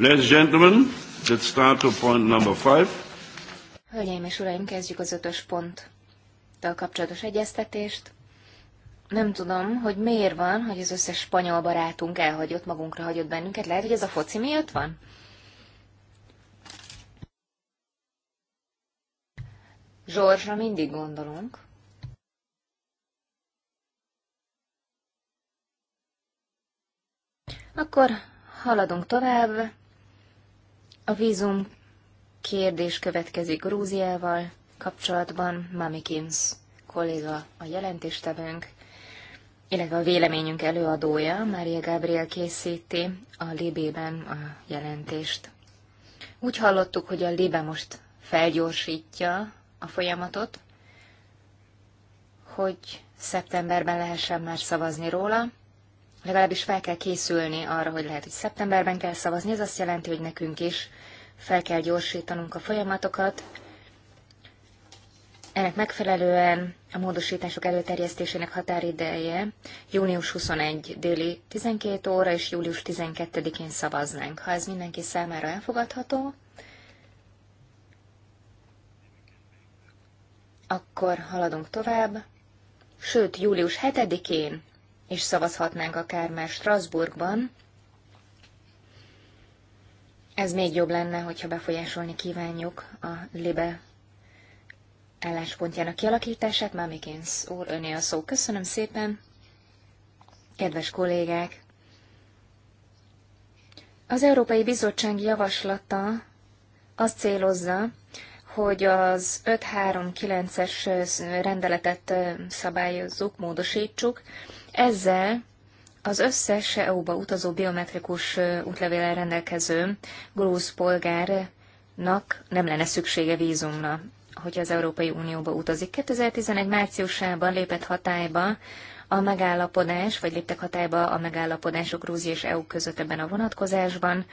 Ladies and gentlemen, let's start to point number five. Hölgyeim és uraim, kezdjük az ötös ponttal kapcsolatos egyeztetést. Nem tudom, hogy miért van, hogy az összes spanyol barátunk elhagyott, magunkra hagyott bennünket. Lehet, hogy ez a foci miatt van? Zsorzsra mindig gondolunk. Akkor haladunk tovább. A vízum kérdés következik Grúziával kapcsolatban. Mamikins kolléga a jelentéstevőnk, illetve a véleményünk előadója, Mária Gabriel készíti a Libében a jelentést. Úgy hallottuk, hogy a Libe most felgyorsítja a folyamatot, hogy szeptemberben lehessen már szavazni róla legalábbis fel kell készülni arra, hogy lehet, hogy szeptemberben kell szavazni. Ez azt jelenti, hogy nekünk is fel kell gyorsítanunk a folyamatokat. Ennek megfelelően a módosítások előterjesztésének határideje június 21 déli 12 óra és július 12-én szavaznánk. Ha ez mindenki számára elfogadható, akkor haladunk tovább. Sőt, július 7-én és szavazhatnánk akár már Strasbourgban. Ez még jobb lenne, hogyha befolyásolni kívánjuk a Libe álláspontjának kialakítását. Mamikins úr, öné a szó. Köszönöm szépen. Kedves kollégák! Az Európai Bizottság javaslata azt célozza, hogy az 539-es rendeletet szabályozzuk, módosítsuk, ezzel az összes EU-ba utazó biometrikus útlevéllel rendelkező grúz polgárnak nem lenne szüksége vízumra, hogy az Európai Unióba utazik. 2011 márciusában lépett hatályba a megállapodás, vagy léptek hatályba a megállapodások Grúzia és EU között ebben a vonatkozásban.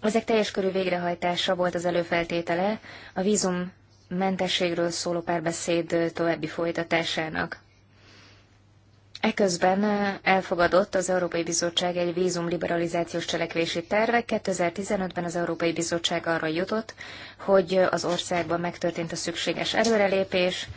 Ezek teljes körű végrehajtása volt az előfeltétele a vízum mentességről szóló párbeszéd további folytatásának. Eközben eh, elfogadott az Európai Bizottság egy vízumliberalizációs cselekvési terve. 2015-ben az Európai Bizottság arra jutott, hogy az országban megtörtént a szükséges előrelépés,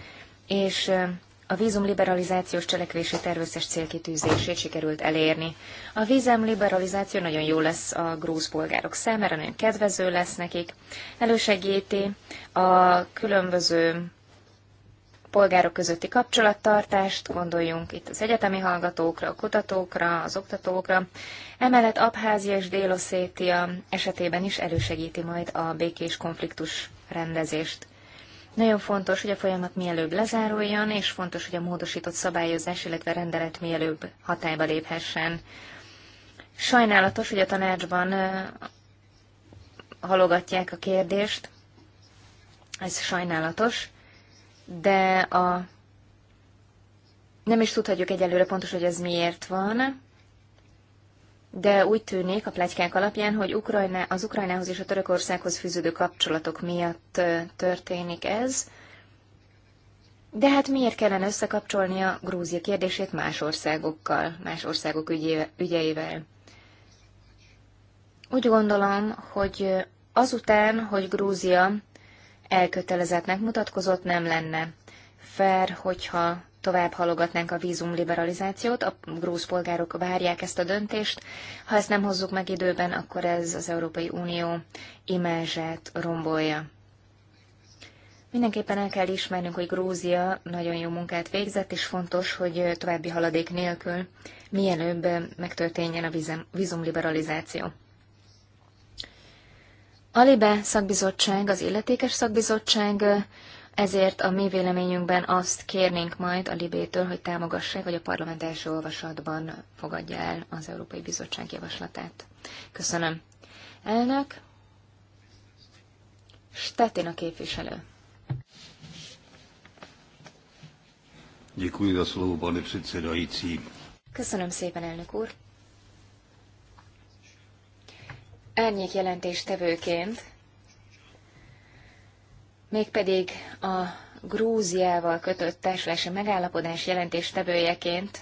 és eh, a vízumliberalizációs cselekvési terv összes célkitűzését sikerült elérni. A vízumliberalizáció nagyon jó lesz a grúz polgárok számára, nagyon kedvező lesz nekik, elősegíti a különböző polgárok közötti kapcsolattartást, gondoljunk itt az egyetemi hallgatókra, a kutatókra, az oktatókra. Emellett Abházia és Déloszétia esetében is elősegíti majd a békés konfliktus rendezést. Nagyon fontos, hogy a folyamat mielőbb lezáruljon, és fontos, hogy a módosított szabályozás, illetve rendelet mielőbb hatályba léphessen. Sajnálatos, hogy a tanácsban halogatják a kérdést, ez sajnálatos, de a nem is tudhatjuk egyelőre pontos, hogy ez miért van, de úgy tűnik a plegykák alapján, hogy Ukrajna, az Ukrajnához és a Törökországhoz fűződő kapcsolatok miatt történik ez. De hát miért kellene összekapcsolni a Grúzia kérdését más országokkal, más országok ügyeivel? Úgy gondolom, hogy azután, hogy Grúzia elkötelezettnek mutatkozott, nem lenne fair, hogyha tovább halogatnánk a vízum liberalizációt, a grúz polgárok várják ezt a döntést. Ha ezt nem hozzuk meg időben, akkor ez az Európai Unió imázsát rombolja. Mindenképpen el kell ismernünk, hogy Grúzia nagyon jó munkát végzett, és fontos, hogy további haladék nélkül mielőbb megtörténjen a liberalizáció. Alibe szakbizottság, az illetékes szakbizottság, ezért a mi véleményünkben azt kérnénk majd a Libétől, hogy támogassák, hogy a parlament első olvasatban fogadja el az Európai Bizottság javaslatát. Köszönöm. Elnök. a képviselő. Děkuji za slovo, pane předsedající. Köszönöm szépen, elnök úr. árnyék jelentéstevőként, mégpedig a Grúziával kötött társulási megállapodás jelentéstevőjeként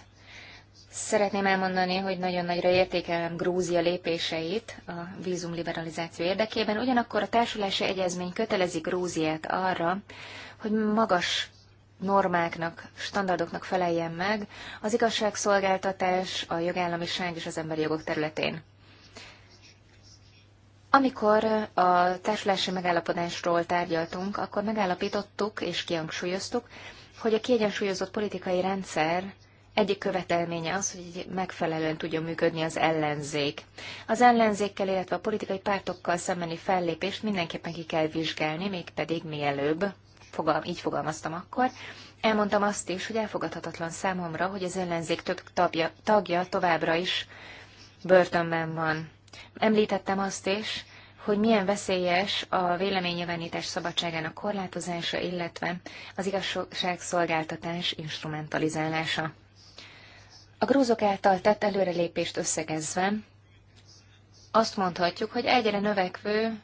szeretném elmondani, hogy nagyon nagyra értékelem Grúzia lépéseit a vízumliberalizáció érdekében, ugyanakkor a társulási egyezmény kötelezi Grúziát arra, hogy magas normáknak, standardoknak feleljen meg az igazságszolgáltatás, a jogállamiság és az emberi jogok területén. Amikor a társulási megállapodásról tárgyaltunk, akkor megállapítottuk és kihangsúlyoztuk, hogy a kiegyensúlyozott politikai rendszer egyik követelménye az, hogy megfelelően tudjon működni az ellenzék. Az ellenzékkel, illetve a politikai pártokkal szembeni fellépést mindenképpen ki kell vizsgálni, mégpedig mielőbb, fogal, így fogalmaztam akkor. Elmondtam azt is, hogy elfogadhatatlan számomra, hogy az ellenzék több tagja, tagja továbbra is börtönben van. Említettem azt is, hogy milyen veszélyes a véleménynyilvánítás szabadságának korlátozása, illetve az igazságszolgáltatás instrumentalizálása. A grúzok által tett előrelépést összegezve, azt mondhatjuk, hogy egyre növekvő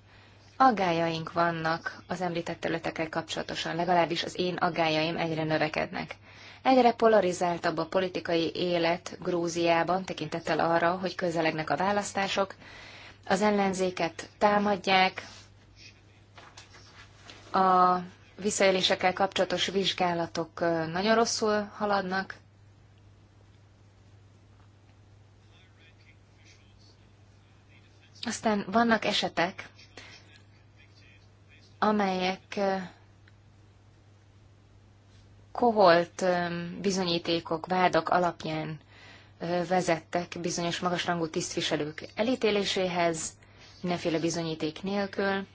aggájaink vannak az említett területekkel kapcsolatosan, legalábbis az én aggájaim egyre növekednek. Egyre polarizáltabb a politikai élet Grúziában, tekintettel arra, hogy közelegnek a választások. Az ellenzéket támadják, a visszaélésekkel kapcsolatos vizsgálatok nagyon rosszul haladnak, Aztán vannak esetek, amelyek koholt bizonyítékok, vádak alapján vezettek bizonyos magasrangú tisztviselők elítéléséhez, mindenféle bizonyíték nélkül.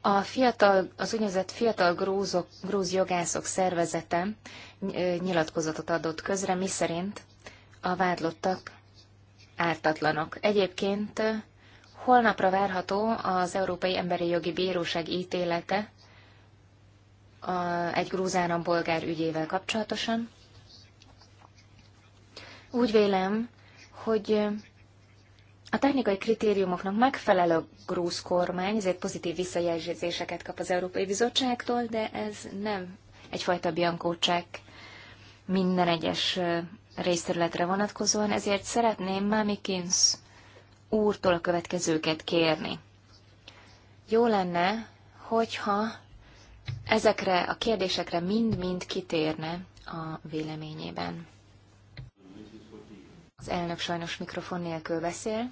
A fiatal, az úgynevezett fiatal grúzok, grúz jogászok szervezete nyilatkozatot adott közre, miszerint a vádlottak ártatlanok. Egyébként holnapra várható az Európai Emberi Jogi Bíróság ítélete, a, egy grúz állampolgár ügyével kapcsolatosan. Úgy vélem, hogy a technikai kritériumoknak megfelel a grúz kormány, ezért pozitív visszajelzéseket kap az Európai Bizottságtól, de ez nem egyfajta biankócsek minden egyes részterületre vonatkozóan, ezért szeretném Mamikins úrtól a következőket kérni. Jó lenne, hogyha Ezekre a kérdésekre mind-mind kitérne a véleményében. Az elnök sajnos mikrofon nélkül beszél.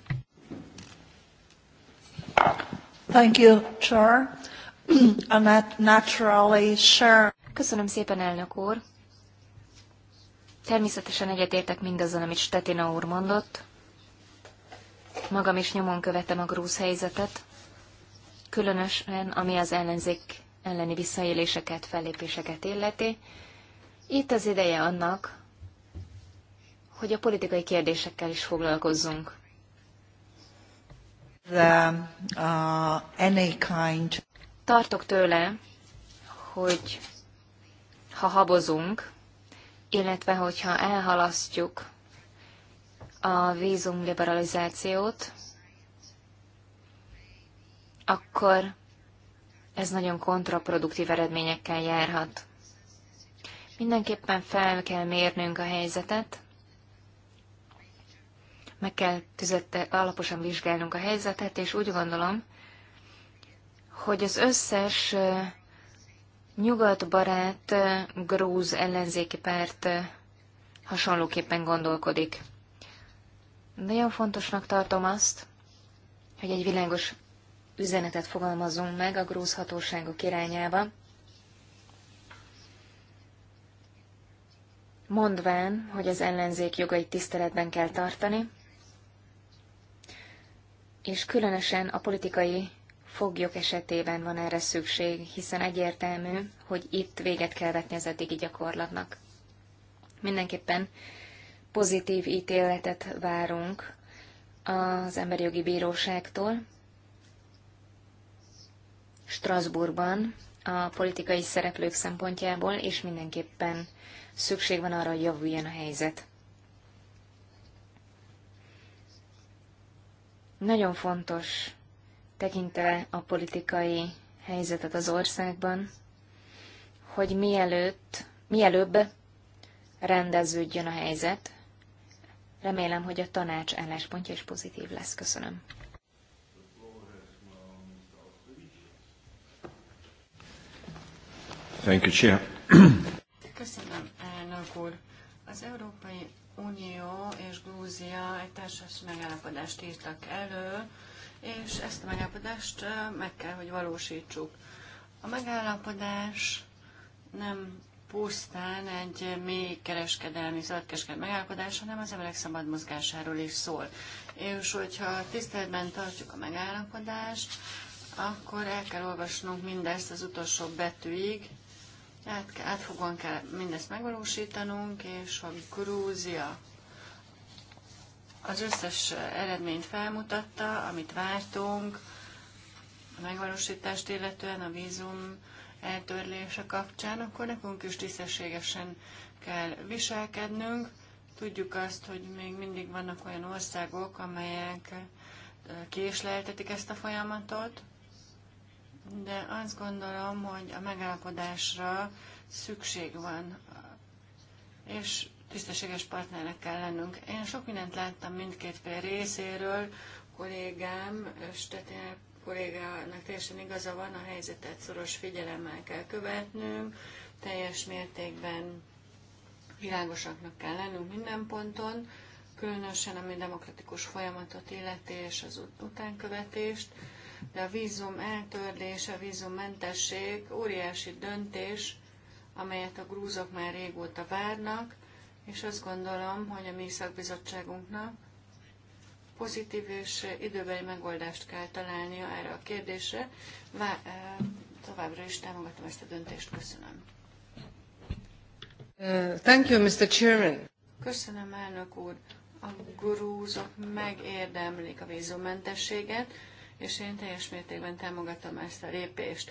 Thank you, Chair. I'm naturally sure. Köszönöm szépen, elnök úr. Természetesen egyetértek mindazon amit Stetina úr mondott. Magam is nyomon követem a grúz helyzetet, különösen ami az ellenzék elleni visszaéléseket, fellépéseket illeti. Itt az ideje annak, hogy a politikai kérdésekkel is foglalkozzunk. The, uh, any kind. Tartok tőle, hogy ha habozunk, illetve hogyha elhalasztjuk a vízum liberalizációt, akkor ez nagyon kontraproduktív eredményekkel járhat. Mindenképpen fel kell mérnünk a helyzetet, meg kell tüzette, alaposan vizsgálnunk a helyzetet, és úgy gondolom, hogy az összes nyugatbarát grúz ellenzéki párt hasonlóképpen gondolkodik. Nagyon fontosnak tartom azt, hogy egy világos üzenetet fogalmazunk meg a grúz hatóságok irányába, mondván, hogy az ellenzék jogait tiszteletben kell tartani, és különösen a politikai foglyok esetében van erre szükség, hiszen egyértelmű, hogy itt véget kell vetni az eddigi gyakorlatnak. Mindenképpen pozitív ítéletet várunk az Emberi Jogi Bíróságtól, Strasbourgban a politikai szereplők szempontjából, és mindenképpen szükség van arra, hogy javuljon a helyzet. Nagyon fontos tekintve a politikai helyzetet az országban, hogy mielőtt, mielőbb rendeződjön a helyzet. Remélem, hogy a tanács álláspontja is pozitív lesz. Köszönöm. Thank you, Chair. Köszönöm, elnök úr. Az Európai Unió és Grúzia egy társas megállapodást írtak elő, és ezt a megállapodást meg kell, hogy valósítsuk. A megállapodás nem pusztán egy mély kereskedelmi, zöldkereskedelmi megállapodás, hanem az emberek szabad mozgásáról is szól. És hogyha tiszteletben tartjuk a megállapodást, akkor el kell olvasnunk mindezt az utolsó betűig, át, átfogóan kell mindezt megvalósítanunk, és a Grúzia az összes eredményt felmutatta, amit vártunk, a megvalósítást illetően a vízum eltörlése kapcsán, akkor nekünk is tisztességesen kell viselkednünk. Tudjuk azt, hogy még mindig vannak olyan országok, amelyek késleltetik ezt a folyamatot, de azt gondolom, hogy a megállapodásra szükség van, és tisztességes partnernek kell lennünk. Én sok mindent láttam mindkét fél részéről, kollégám, Stettiner kollégának teljesen igaza van, a helyzetet szoros figyelemmel kell követnünk, teljes mértékben világosaknak kell lennünk minden ponton, különösen ami demokratikus folyamatot illeti és az utánkövetést de a vízum eltörlés, a vízummentesség óriási döntés, amelyet a grúzok már régóta várnak, és azt gondolom, hogy a mi szakbizottságunknak pozitív és időbeli megoldást kell találnia erre a kérdésre. Vá- eh, továbbra is támogatom ezt a döntést. Köszönöm. Uh, thank you, Mr. Chairman. Köszönöm, elnök úr. A grúzok megérdemlik a vízumentességet, és én teljes mértékben támogatom ezt a lépést.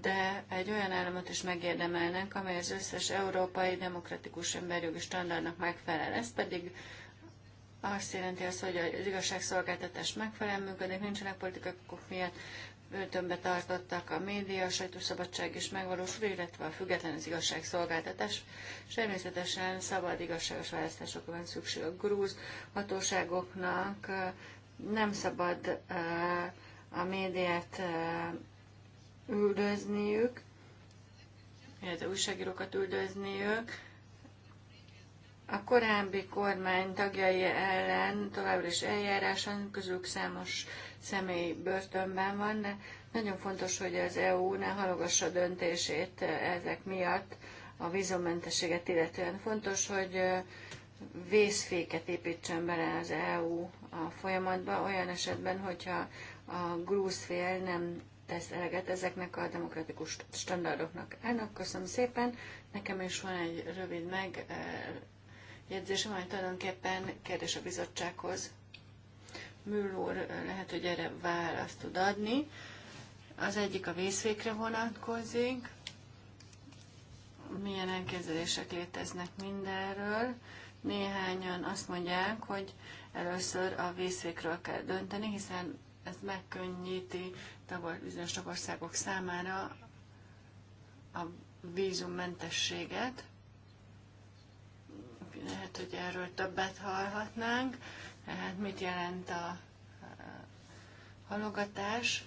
De egy olyan államot is megérdemelnek, amely az összes európai demokratikus emberjogi standardnak megfelel. Ez pedig azt jelenti azt, hogy az igazságszolgáltatás megfelel működik, nincsenek politikai okok miatt börtönbe tartottak a média, a sajtószabadság is megvalósul, illetve a független az igazságszolgáltatás. És természetesen szabad igazságos választásokra van szükség a grúz hatóságoknak, nem szabad uh, a médiát üldözniük, illetve újságírókat üldözniük, a korábbi kormány tagjai ellen továbbra is eljáráson, közülük számos személy börtönben van, de nagyon fontos, hogy az EU ne halogassa döntését ezek miatt a vízummentességet illetően. Fontos, hogy vészféket építsen bele az EU a folyamatba, olyan esetben, hogyha a grúz fél nem tesz eleget ezeknek a demokratikus standardoknak. Elnök, köszönöm szépen. Nekem is van egy rövid megjegyzésem, eh, amely tulajdonképpen kérdés a bizottsághoz. Műl eh, lehet, hogy erre választ tud adni. Az egyik a vészfékre vonatkozik. Milyen elképzelések léteznek mindenről. Néhányan azt mondják, hogy először a vészfékről kell dönteni, hiszen ez megkönnyíti tagol, bizonyos tagországok számára a vízummentességet. Lehet, hogy erről többet hallhatnánk. Tehát mit jelent a halogatás?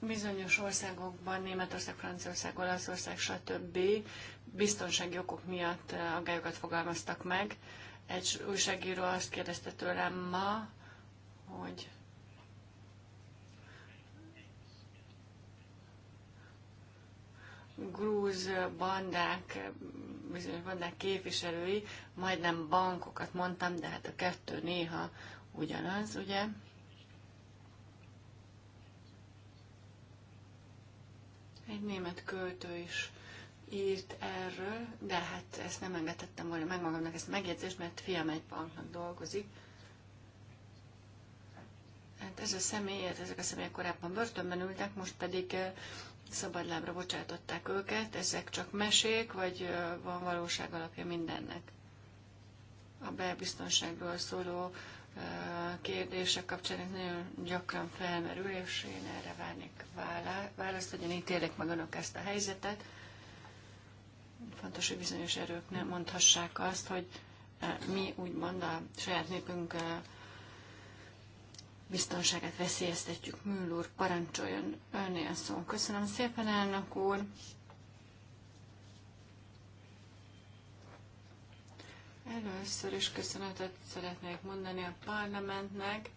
Bizonyos országokban, Németország, Franciaország, Olaszország, stb. biztonsági okok miatt eh, aggályokat fogalmaztak meg egy újságíró azt kérdezte tőlem ma, hogy grúz bandák, bizonyos bandák képviselői, majdnem bankokat mondtam, de hát a kettő néha ugyanaz, ugye? Egy német költő is írt erről, de hát ezt nem engedhettem volna meg magamnak, ezt a megjegyzést, mert fiam egy banknak dolgozik. Hát ez a személy, hát ezek a személyek korábban börtönben ültek, most pedig eh, szabadlábra bocsátották őket, ezek csak mesék, vagy eh, van valóság alapja mindennek? A belbiztonságról szóló eh, kérdések kapcsán nagyon gyakran felmerül, és én erre várnék választ, én ítélek meg önök ezt a helyzetet. Fontos, hogy bizonyos erők nem mondhassák azt, hogy e, mi úgymond a saját népünk e, biztonságát veszélyeztetjük. Műl úr, parancsoljon önnél szó. Köszönöm szépen, elnök úr. Először is köszönetet szeretnék mondani a parlamentnek,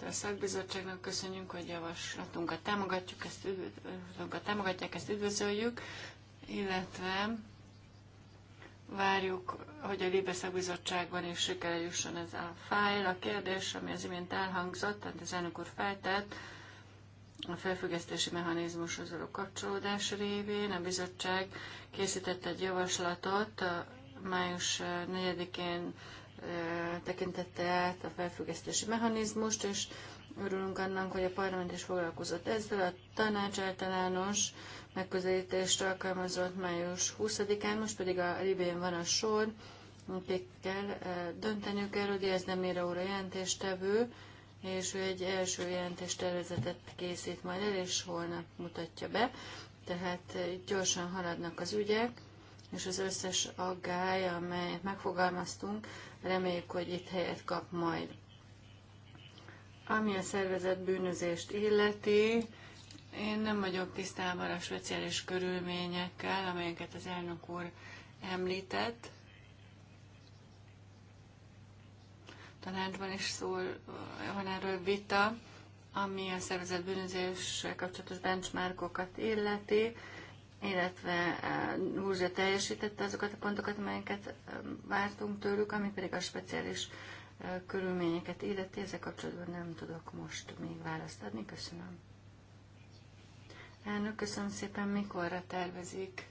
de a szakbizottságnak köszönjük, hogy javaslatunkat támogatjuk, ezt üdvözl- támogatják, ezt üdvözöljük, illetve Várjuk, hogy a Libeszak Bizottságban is sikerüljön ez a fájl. A kérdés, ami az imént elhangzott, tehát az elnök úr feltett, a felfüggesztési mechanizmushoz való kapcsolódás révén a bizottság készített egy javaslatot, május 4-én tekintette át a felfüggesztési mechanizmust, és Örülünk annak, hogy a parlament is foglalkozott ezzel. A tanács általános megközelítést alkalmazott május 20-án, most pedig a Libén van a sor, akikkel eh, dönteniük kell, hogy ez nem ér óra jelentéstevő, és ő egy első jelentéstervezetet készít majd el, és holnap mutatja be. Tehát eh, gyorsan haladnak az ügyek, és az összes aggály, amelyet megfogalmaztunk, reméljük, hogy itt helyet kap majd. Ami a szervezet bűnözést illeti, én nem vagyok tisztában a speciális körülményekkel, amelyeket az elnök úr említett. Tanácsban is szól, van erről vita, ami a szervezet bűnözéssel kapcsolatos benchmarkokat illeti, illetve Húzsa eh, teljesítette azokat a pontokat, amelyeket eh, vártunk tőlük, ami pedig a speciális körülményeket illeti, ezzel kapcsolatban nem tudok most még választ adni. Köszönöm. Elnök, köszönöm szépen, mikorra tervezik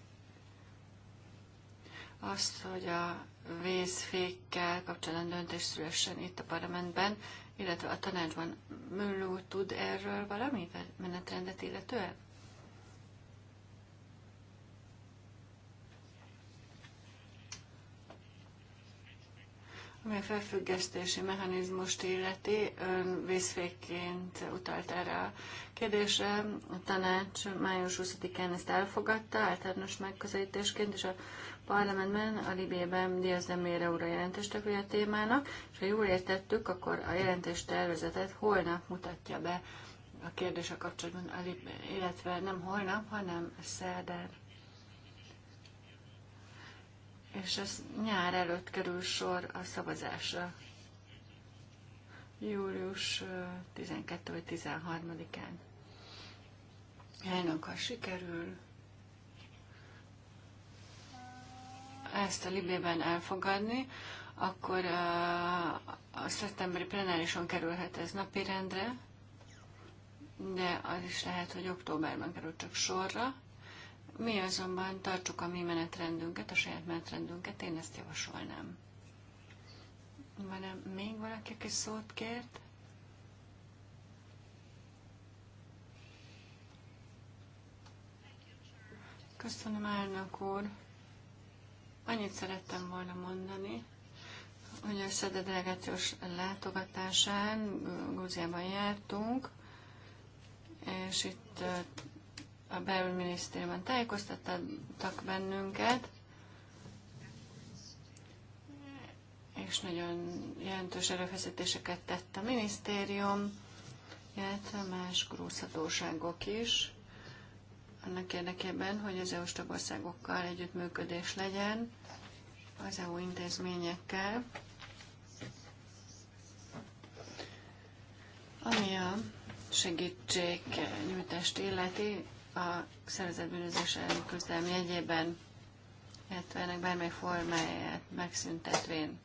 azt, hogy a vészfékkel kapcsolatban döntés szülessen itt a parlamentben, illetve a tanácsban Mülló tud erről valamit menetrendet illetően? Ami a felfüggesztési mechanizmust illeti, ön vészfékként utalt erre a kérdésre. A tanács május 20-án ezt elfogadta általános megközelítésként, és a parlamentben, a Libében Diaz de Mére úr a jelentéstevője a témának, és ha jól értettük, akkor a jelentést tervezetet holnap mutatja be a kérdése kapcsolatban, illetve nem holnap, hanem szerdán és ez nyár előtt kerül sor a szavazásra. Július 12 vagy 13-án. Elnök, ha sikerül, ezt a Libében elfogadni, akkor a szeptemberi plenárison kerülhet ez napirendre, de az is lehet, hogy októberben kerül csak sorra. Mi azonban tartsuk a mi menetrendünket, a saját menetrendünket, én ezt javasolnám. Van -e még valaki, aki szót kért? Köszönöm, Árnak úr. Annyit szerettem volna mondani, hogy a SZEDE delegációs látogatásán Gúziában jártunk, és itt a belügyminisztériumban tájékoztattak bennünket, és nagyon jelentős erőfeszítéseket tett a minisztérium, illetve más grúzhatóságok is, annak érdekében, hogy az EU-s tagországokkal együttműködés legyen, az EU intézményekkel, ami a segítségnyújtást illeti, a szervezetbűnözés elleni küzdelem jegyében, illetve ennek bármely formáját megszüntetvén.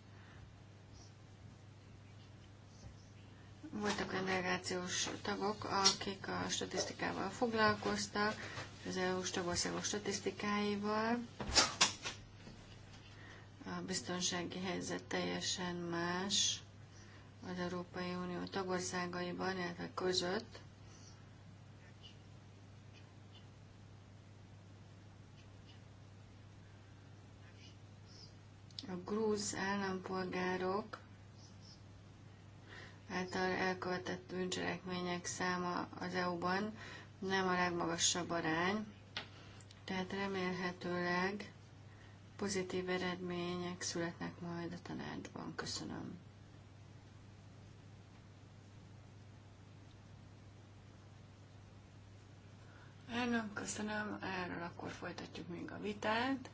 Voltak olyan delegációs tagok, akik a statisztikával foglalkoztak, az EU-s tagországok statisztikáival. A biztonsági helyzet teljesen más az Európai Unió tagországaiban, illetve között. A grúz állampolgárok által elkövetett bűncselekmények száma az EU-ban nem a legmagasabb arány, tehát remélhetőleg pozitív eredmények születnek majd a tanácsban. Köszönöm. Elnök, köszönöm. Erről akkor folytatjuk még a vitát.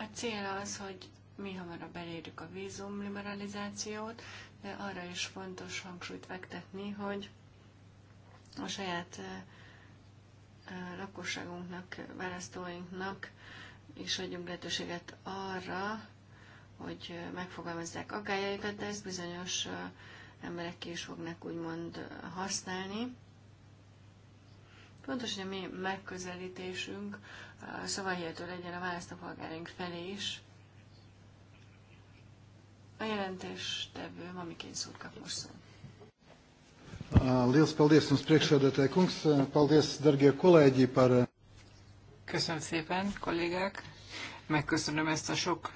A cél az, hogy mi hamarabb elérjük a vízum liberalizációt, de arra is fontos hangsúlyt fektetni, hogy a saját eh, eh, lakosságunknak, választóinknak is adjunk lehetőséget arra, hogy eh, megfogalmazzák aggájaikat, de ezt bizonyos emberek ki is fognak úgymond használni. Fontos, hogy a mi megközelítésünk szavahihető legyen a választópolgáraink felé is. A tevő, amiként szót kap most szó. Liels paldies jums priekšsēdētāji kungs, paldies dargie kolēģi par... Eh, Köszönöm szépen, kollégák, megköszönöm ezt a sok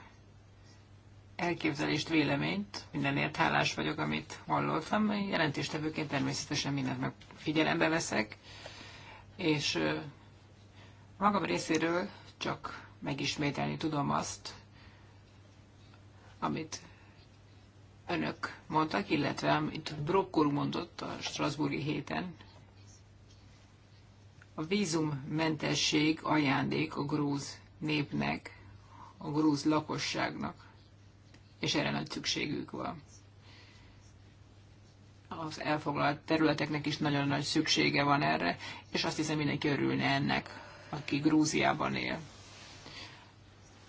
elképzelést, véleményt, mindenért hálás vagyok, amit hallottam. Jelentéstevőként természetesen mindent meg figyelembe veszek, és eh, Magam részéről csak megismételni tudom azt, amit önök mondtak, illetve amit Brokkor mondott a Strasburgi héten. A vízummentesség ajándék a grúz népnek, a grúz lakosságnak, és erre nagy szükségük van. Az elfoglalt területeknek is nagyon nagy szüksége van erre, és azt hiszem mindenki örülne ennek, aki Grúziában él.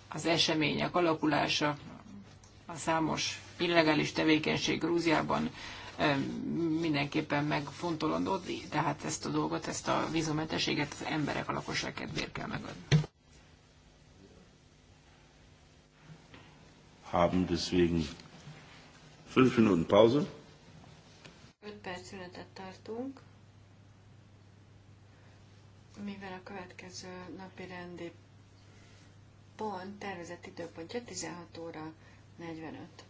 Az események alakulása, a számos illegális tevékenység Grúziában mindenképpen megfontolandó, tehát ezt a dolgot, ezt a vízumenteséget az emberek, a lakosság kedvéért kell megadni. Haben deswegen fünf Minuten Pause. Fünf perc szünetet tartunk mivel a következő napi rendi pont, tervezett időpontja 16 óra 45.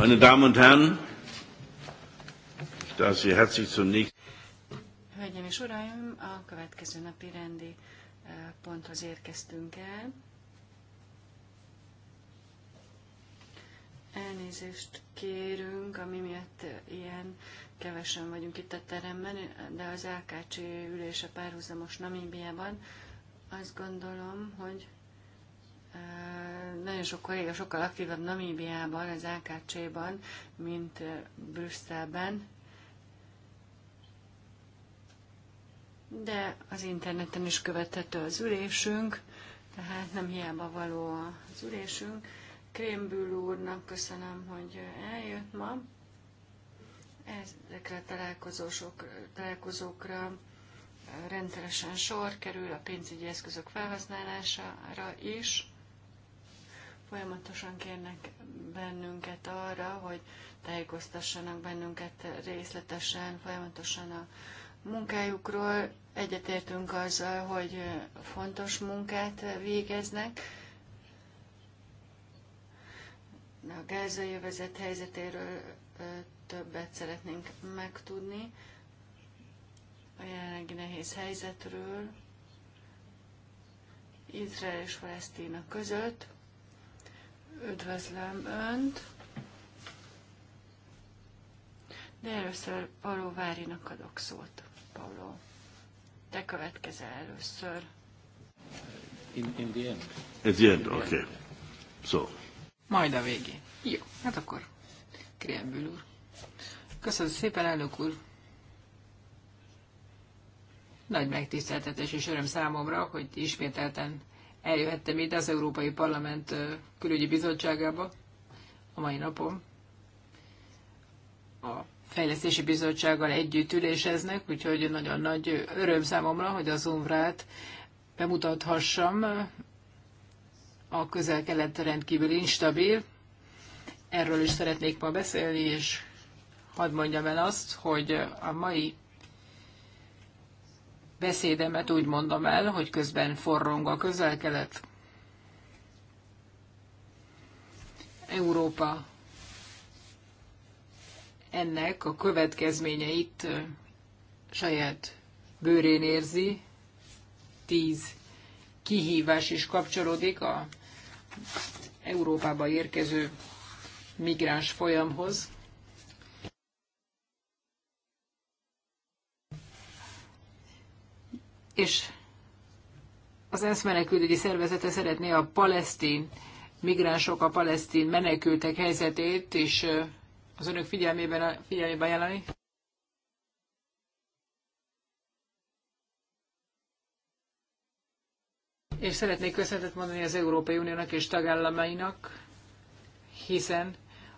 Meine Damen und Herren, ich darf Sie herzlich zum nächsten. Hölgyeim és Uraim, a következő napi rendi eh, ponthoz érkeztünk el. Elnézést kérünk, ami miatt eh, ilyen kevesen vagyunk itt a teremben, de az LKC ülése párhuzamos Namíbiában. Azt gondolom, hogy eh, nagyon sok kolléga sokkal aktívabb Namíbiában, az AKC-ban, mint Brüsszelben. De az interneten is követhető az ülésünk, tehát nem hiába való az ülésünk. Krémbül úrnak köszönöm, hogy eljött ma. Ezekre a találkozókra rendszeresen sor kerül a pénzügyi eszközök felhasználására is. Folyamatosan kérnek bennünket arra, hogy tájékoztassanak bennünket részletesen, folyamatosan a munkájukról. Egyetértünk azzal, hogy fontos munkát végeznek. A gázai övezet helyzetéről többet szeretnénk megtudni a jelenlegi nehéz helyzetről Izrael és Palesztina között. Üdvözlöm Önt. De először Pauló Várinak adok szót. Pauló, te következel először. In, in the end. At the end, oké. Okay. So. Majd a végén. Jó, hát akkor. Kriembül úr. Köszönöm szépen, elnök úr. Nagy megtiszteltetés és öröm számomra, hogy ismételten eljöhettem ide az Európai Parlament külügyi bizottságába a mai napon. A fejlesztési bizottsággal együtt üléseznek, úgyhogy nagyon nagy öröm számomra, hogy az Umvrát bemutathassam. A közel-kelet rendkívül instabil. Erről is szeretnék ma beszélni, és hadd mondjam el azt, hogy a mai beszédemet úgy mondom el, hogy közben forrong a közel-kelet. Európa ennek a következményeit saját bőrén érzi. Tíz kihívás is kapcsolódik a Európába érkező migráns folyamhoz. és az ENSZ menekültügyi szervezete szeretné a palesztin migránsok, a palesztin menekültek helyzetét is az önök figyelmében, figyelmében ajánlani. És szeretnék köszönetet mondani az Európai Uniónak és tagállamainak, hiszen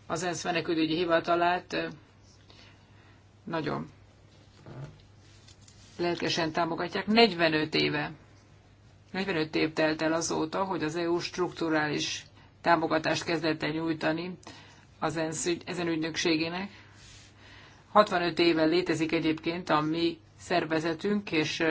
az ENSZ menekülügyi hivatalát nagyon lelkesen támogatják. 45 éve, 45 év telt el azóta, hogy az EU strukturális támogatást kezdett el nyújtani az ENSZ, ezen ügynökségének. 65 éve létezik egyébként a mi szervezetünk, és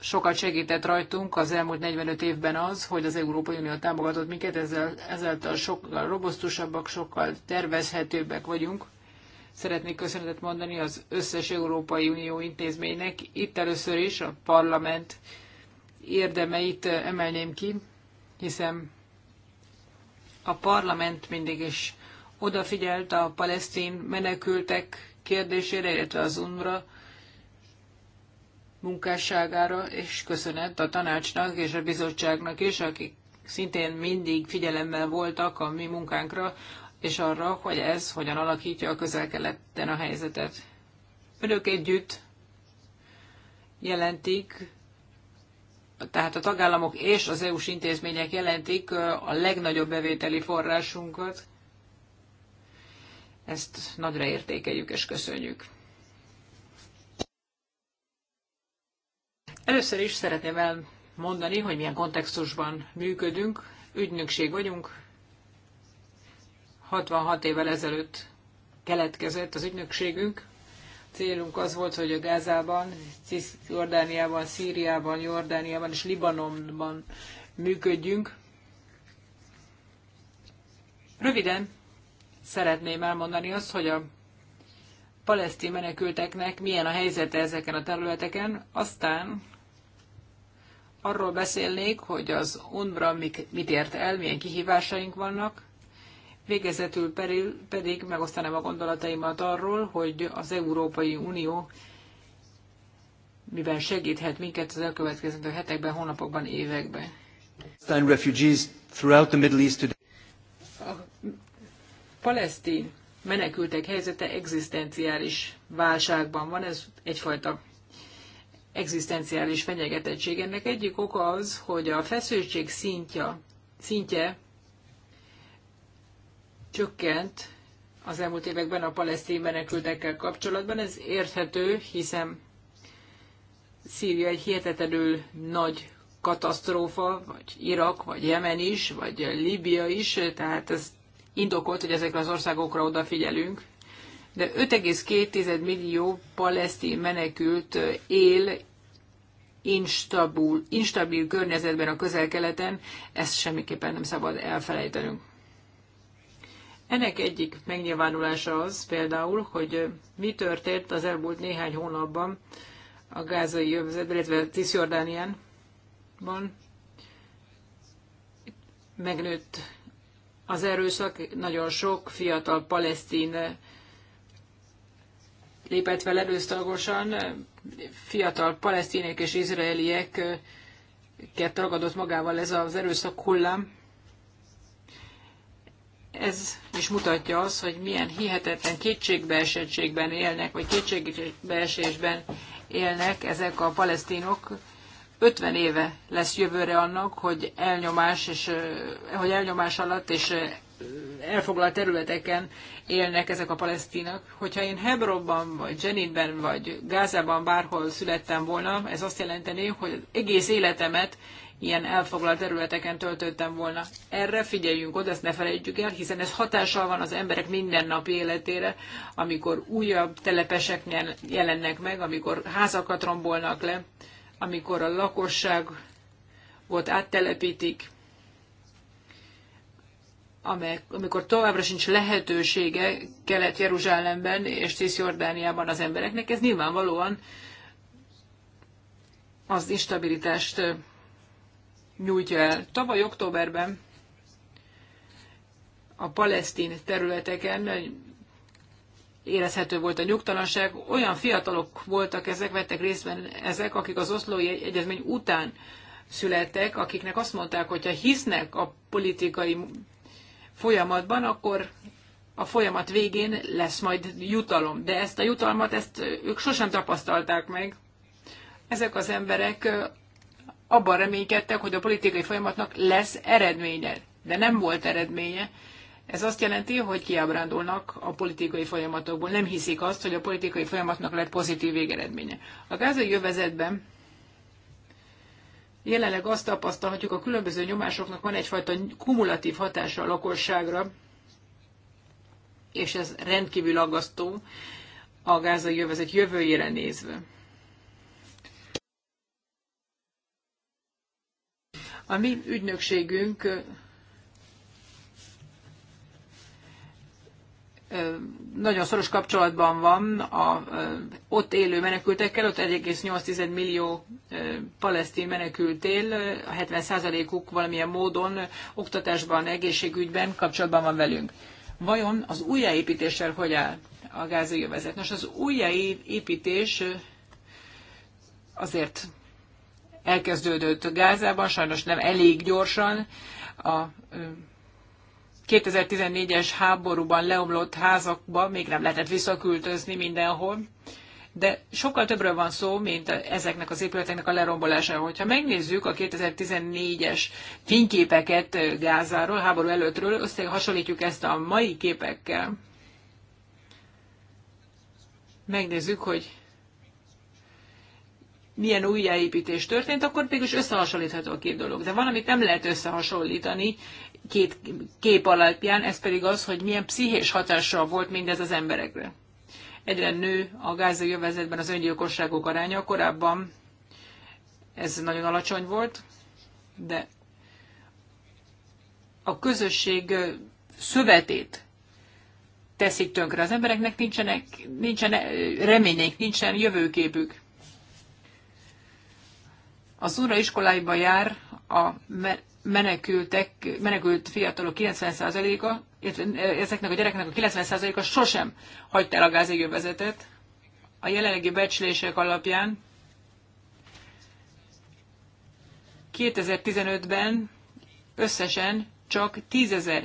sokat segített rajtunk az elmúlt 45 évben az, hogy az Európai Unió támogatott minket, ezzel, ezáltal sokkal robosztusabbak, sokkal tervezhetőbbek vagyunk. Szeretnék köszönetet mondani az összes Európai Unió intézménynek. Itt először is a parlament érdemeit emelném ki, hiszen a parlament mindig is odafigyelt a palesztin menekültek kérdésére, illetve az UNRA munkásságára, és köszönet a tanácsnak és a bizottságnak is, akik szintén mindig figyelemmel voltak a mi munkánkra és arra, hogy ez hogyan alakítja a közel-keleten a helyzetet. Önök együtt jelentik, tehát a tagállamok és az EU-s intézmények jelentik a legnagyobb bevételi forrásunkat. Ezt nagyra értékeljük és köszönjük. Először is szeretném elmondani, hogy milyen kontextusban működünk. Ügynökség vagyunk, 66 évvel ezelőtt keletkezett az ügynökségünk. Célunk az volt, hogy a Gázában, Cisjordániában, Szíriában, Jordániában és Libanonban működjünk. Röviden szeretném elmondani azt, hogy a palesztin menekülteknek milyen a helyzete ezeken a területeken, aztán arról beszélnék, hogy az UNRWA mit ért el, milyen kihívásaink vannak, Végezetül pedig megosztanám a gondolataimat arról, hogy az Európai Unió miben segíthet minket az elkövetkezendő hetekben, hónapokban, években. A palesztin menekültek helyzete egzisztenciális válságban van, ez egyfajta egzisztenciális fenyegetettség. Ennek egyik oka az, hogy a feszültség szintja, szintje csökkent az elmúlt években a palesztin menekültekkel kapcsolatban. Ez érthető, hiszen Szíria egy hihetetlenül nagy katasztrófa, vagy Irak, vagy Jemen is, vagy Líbia is, tehát ez indokolt, hogy ezekre az országokra odafigyelünk. De 5,2 millió palesztin menekült él instabil, instabil környezetben a közel-keleten, ezt semmiképpen nem szabad elfelejtenünk. Ennek egyik megnyilvánulása az például, hogy mi történt az elmúlt néhány hónapban a gázai övezetben, illetve Cisjordánianban. Megnőtt az erőszak, nagyon sok fiatal palesztin lépett fel erősztagosan, fiatal palesztinek és izraeliek ragadott magával ez az erőszak hullám ez is mutatja azt, hogy milyen hihetetlen kétségbeesettségben élnek, vagy kétségbeesésben élnek ezek a palesztinok. 50 éve lesz jövőre annak, hogy elnyomás, és, eh, hogy elnyomás alatt és eh, elfoglalt területeken élnek ezek a palesztinok. Hogyha én Hebronban, vagy Jeninben, vagy Gázában bárhol születtem volna, ez azt jelenteni, hogy egész életemet ilyen elfoglalt területeken töltöttem volna. Erre figyeljünk oda, ezt ne felejtjük el, hiszen ez hatással van az emberek mindennapi életére, amikor újabb telepesek jelennek meg, amikor házakat rombolnak le, amikor a lakosság volt áttelepítik, amikor továbbra sincs lehetősége Kelet-Jeruzsálemben és Cisjordániában az embereknek, ez nyilvánvalóan az instabilitást nyújtja el. Tavaly októberben a palesztin területeken érezhető volt a nyugtalanság. Olyan fiatalok voltak ezek, vettek részben ezek, akik az oszlói egyezmény után születtek, akiknek azt mondták, hogy ha hisznek a politikai folyamatban, akkor a folyamat végén lesz majd jutalom. De ezt a jutalmat, ezt ők sosem tapasztalták meg. Ezek az emberek abban reménykedtek, hogy a politikai folyamatnak lesz eredménye, de nem volt eredménye. Ez azt jelenti, hogy kiábrándulnak a politikai folyamatokból. Nem hiszik azt, hogy a politikai folyamatnak lett pozitív végeredménye. A gázai jövezetben jelenleg azt tapasztalhatjuk, a különböző nyomásoknak van egyfajta kumulatív hatása a lakosságra, és ez rendkívül aggasztó a gázai jövezet jövőjére nézve. A mi ügynökségünk nagyon szoros kapcsolatban van a ott élő menekültekkel, ott 1,8 millió palesztin menekült él, a 70%-uk valamilyen módon oktatásban, egészségügyben kapcsolatban van velünk. Vajon az újjáépítéssel hogy áll a gázai övezet? Nos, az újjáépítés azért elkezdődött Gázában, sajnos nem elég gyorsan. A 2014-es háborúban leomlott házakba még nem lehetett visszaküldözni mindenhol, de sokkal többről van szó, mint ezeknek az épületeknek a lerombolása. Hogyha megnézzük a 2014-es fényképeket Gázáról, háború előttről, összehasonlítjuk ezt a mai képekkel, megnézzük, hogy milyen újjáépítés történt, akkor mégis összehasonlítható a két dolog. De van, amit nem lehet összehasonlítani két kép alapján, ez pedig az, hogy milyen pszichés hatással volt mindez az emberekre. Egyre nő a gázai övezetben az öngyilkosságok aránya, korábban ez nagyon alacsony volt, de a közösség szövetét teszik tönkre. Az embereknek nincsenek, nincsen reményeik, nincsen jövőképük. Az úra iskoláiba jár a menekültek, menekült fiatalok 90%-a, ezeknek a gyereknek a 90%-a sosem hagyta el a gázégővezetet. A jelenlegi becslések alapján 2015-ben összesen csak 10.000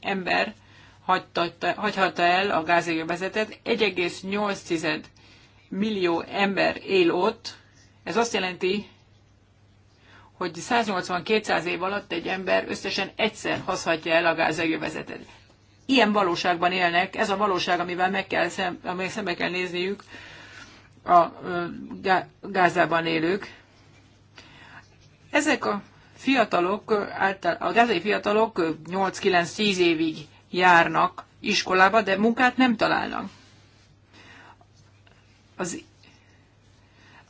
ember hagyhatta, el a gázégővezetet, 1,8 millió ember él ott. Ez azt jelenti, hogy 180-200 év alatt egy ember összesen egyszer hozhatja el a gázegővezetet. Ilyen valóságban élnek, ez a valóság, amivel meg kell, amivel szembe kell nézniük a Gázában élők. Ezek a fiatalok, által, a gázai fiatalok 8-9-10 évig járnak iskolába, de munkát nem találnak. Az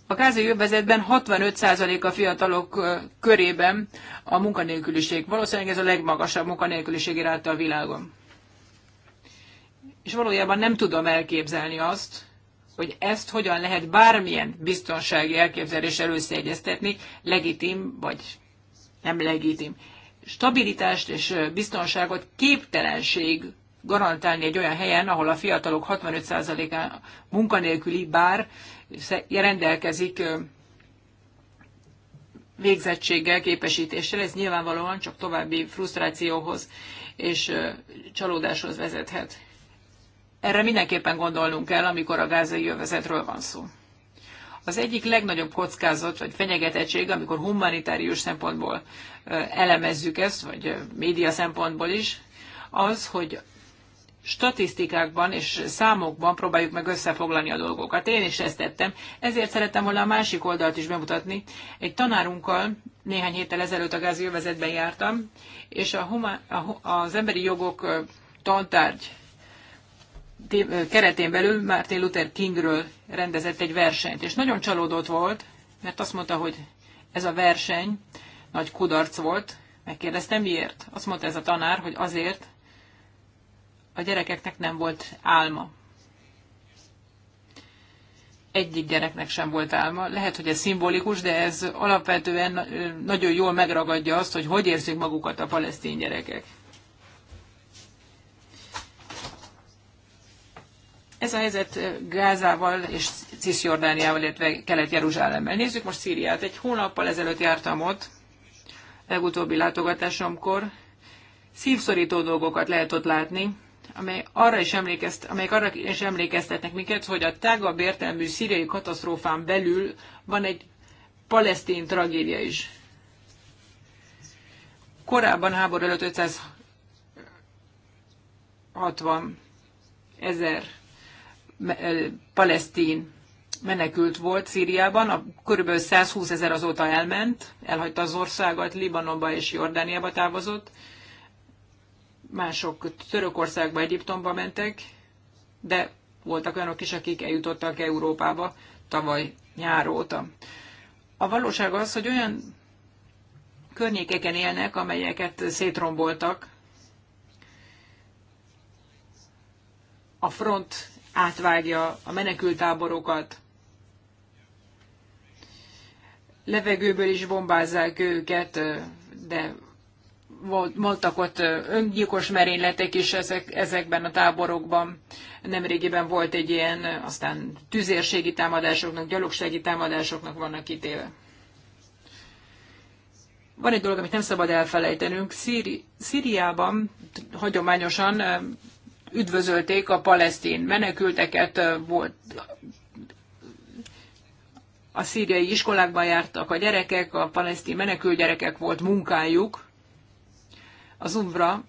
a gázai övezetben 65% a fiatalok körében a munkanélküliség. Valószínűleg ez a legmagasabb munkanélküliség iráta a világon. És valójában nem tudom elképzelni azt, hogy ezt hogyan lehet bármilyen biztonsági elképzeléssel összeegyeztetni, legitim vagy nem legitim. Stabilitást és biztonságot képtelenség garantálni egy olyan helyen, ahol a fiatalok 65%-a munkanélküli, bár rendelkezik végzettséggel, képesítéssel, ez nyilvánvalóan csak további frusztrációhoz és csalódáshoz vezethet. Erre mindenképpen gondolnunk kell, amikor a gázai jövezetről van szó. Az egyik legnagyobb kockázat vagy fenyegetettség, amikor humanitárius szempontból elemezzük ezt, vagy média szempontból is, az, hogy statisztikákban és számokban próbáljuk meg összefoglalni a dolgokat. Én is ezt tettem, ezért szerettem volna a másik oldalt is bemutatni. Egy tanárunkkal néhány héttel ezelőtt a gázjövezetben jártam, és a huma a, az emberi jogok tantárgy keretén belül Martin Luther Kingről rendezett egy versenyt, és nagyon csalódott volt, mert azt mondta, hogy ez a verseny nagy kudarc volt. Megkérdeztem, miért? Azt mondta ez a tanár, hogy azért, a gyerekeknek nem volt álma. Egyik gyereknek sem volt álma. Lehet, hogy ez szimbolikus, de ez alapvetően nagyon jól megragadja azt, hogy hogy érzik magukat a palesztin gyerekek. Ez a helyzet Gázával és Cisjordániával, illetve Kelet-Jeruzsálemmel. Nézzük most Szíriát. Egy hónappal ezelőtt jártam ott, legutóbbi látogatásomkor. Szívszorító dolgokat lehet ott látni amely arra is emlékezt, amelyek arra is emlékeztetnek minket, hogy a tágabb értelmű szíriai katasztrófán belül van egy palesztin tragédia is. Korábban háború előtt 560 ezer palesztin menekült volt Szíriában, a, körülbelül 120 ezer azóta elment, elhagyta az országot, Libanonba és Jordániába távozott, mások Törökországba, Egyiptomba mentek, de voltak olyanok is, akik eljutottak Európába tavaly nyár óta. A valóság az, hogy olyan környékeken élnek, amelyeket szétromboltak. A front átvágja a menekültáborokat, levegőből is bombázzák őket, de voltak ott öngyilkos merényletek is ezek, ezekben a táborokban. Nemrégiben volt egy ilyen, aztán tüzérségi támadásoknak, gyalogsági támadásoknak vannak kitéve. Van egy dolog, amit nem szabad elfelejtenünk. Szíri, Szíriában hagyományosan üdvözölték a palesztin menekülteket, volt a szíriai iskolákban jártak a gyerekek, a palesztin menekült gyerekek volt munkájuk, az Umbra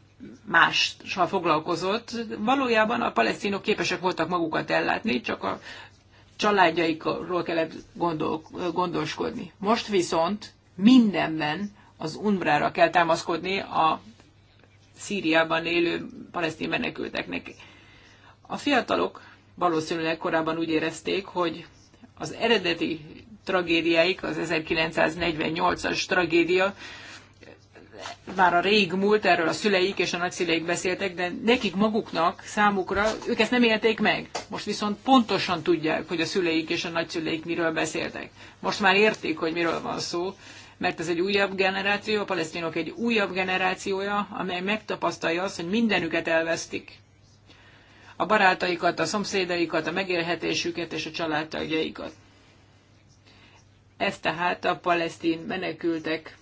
mással foglalkozott. Valójában a palesztinok képesek voltak magukat ellátni, csak a családjaikról kellett gondol, gondoskodni. Most viszont mindenben az umbrára kell támaszkodni a Szíriában élő palesztin menekülteknek. A fiatalok valószínűleg korábban úgy érezték, hogy az eredeti tragédiáik, az 1948-as tragédia már a rég múlt, erről a szüleik és a nagyszüleik beszéltek, de nekik maguknak, számukra, ők ezt nem élték meg. Most viszont pontosan tudják, hogy a szüleik és a nagyszüleik miről beszéltek. Most már értik, hogy miről van szó, mert ez egy újabb generáció, a palesztinok egy újabb generációja, amely megtapasztalja azt, hogy mindenüket elvesztik. A barátaikat, a szomszédaikat, a megélhetésüket és a családtagjaikat. Ez tehát a palesztin menekültek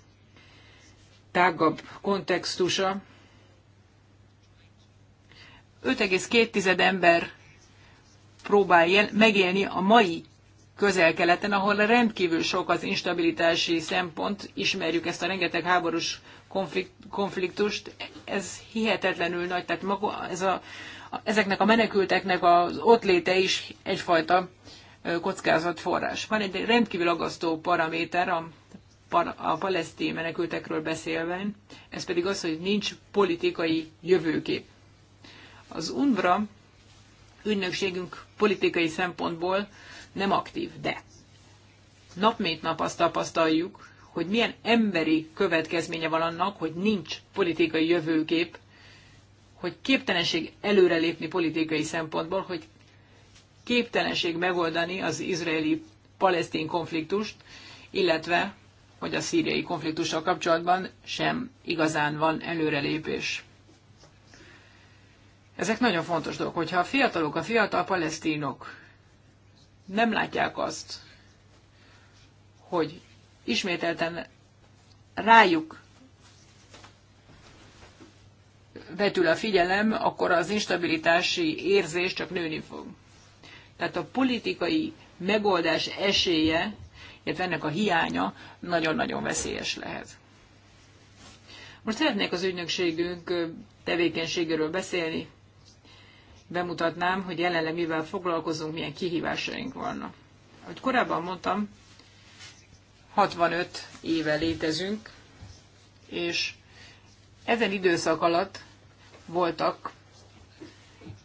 tágabb kontextusa. 5,2 ember próbál megélni a mai közel-keleten, ahol rendkívül sok az instabilitási szempont, ismerjük ezt a rengeteg háborús konfliktust, ez hihetetlenül nagy, tehát maga, ez a, a, ezeknek a menekülteknek az ott léte is egyfajta kockázatforrás. Van egy rendkívül agasztó paraméter, a a palesztin menekültekről beszélve, ez pedig az, hogy nincs politikai jövőkép. Az UNVRA ügynökségünk politikai szempontból nem aktív, de nap mint nap azt tapasztaljuk, hogy milyen emberi következménye van annak, hogy nincs politikai jövőkép, hogy képtelenség előrelépni politikai szempontból, hogy képtelenség megoldani az izraeli-palesztin konfliktust, illetve hogy a szíriai konfliktussal kapcsolatban sem igazán van előrelépés. Ezek nagyon fontos dolgok. Hogyha a fiatalok, a fiatal palesztinok nem látják azt, hogy ismételten rájuk vetül a figyelem, akkor az instabilitási érzés csak nőni fog. Tehát a politikai megoldás esélye illetve ennek a hiánya nagyon-nagyon veszélyes lehet. Most szeretnék az ügynökségünk tevékenységéről beszélni. Bemutatnám, hogy jelenleg mivel foglalkozunk, milyen kihívásaink vannak. Ahogy korábban mondtam, 65 éve létezünk, és ezen időszak alatt voltak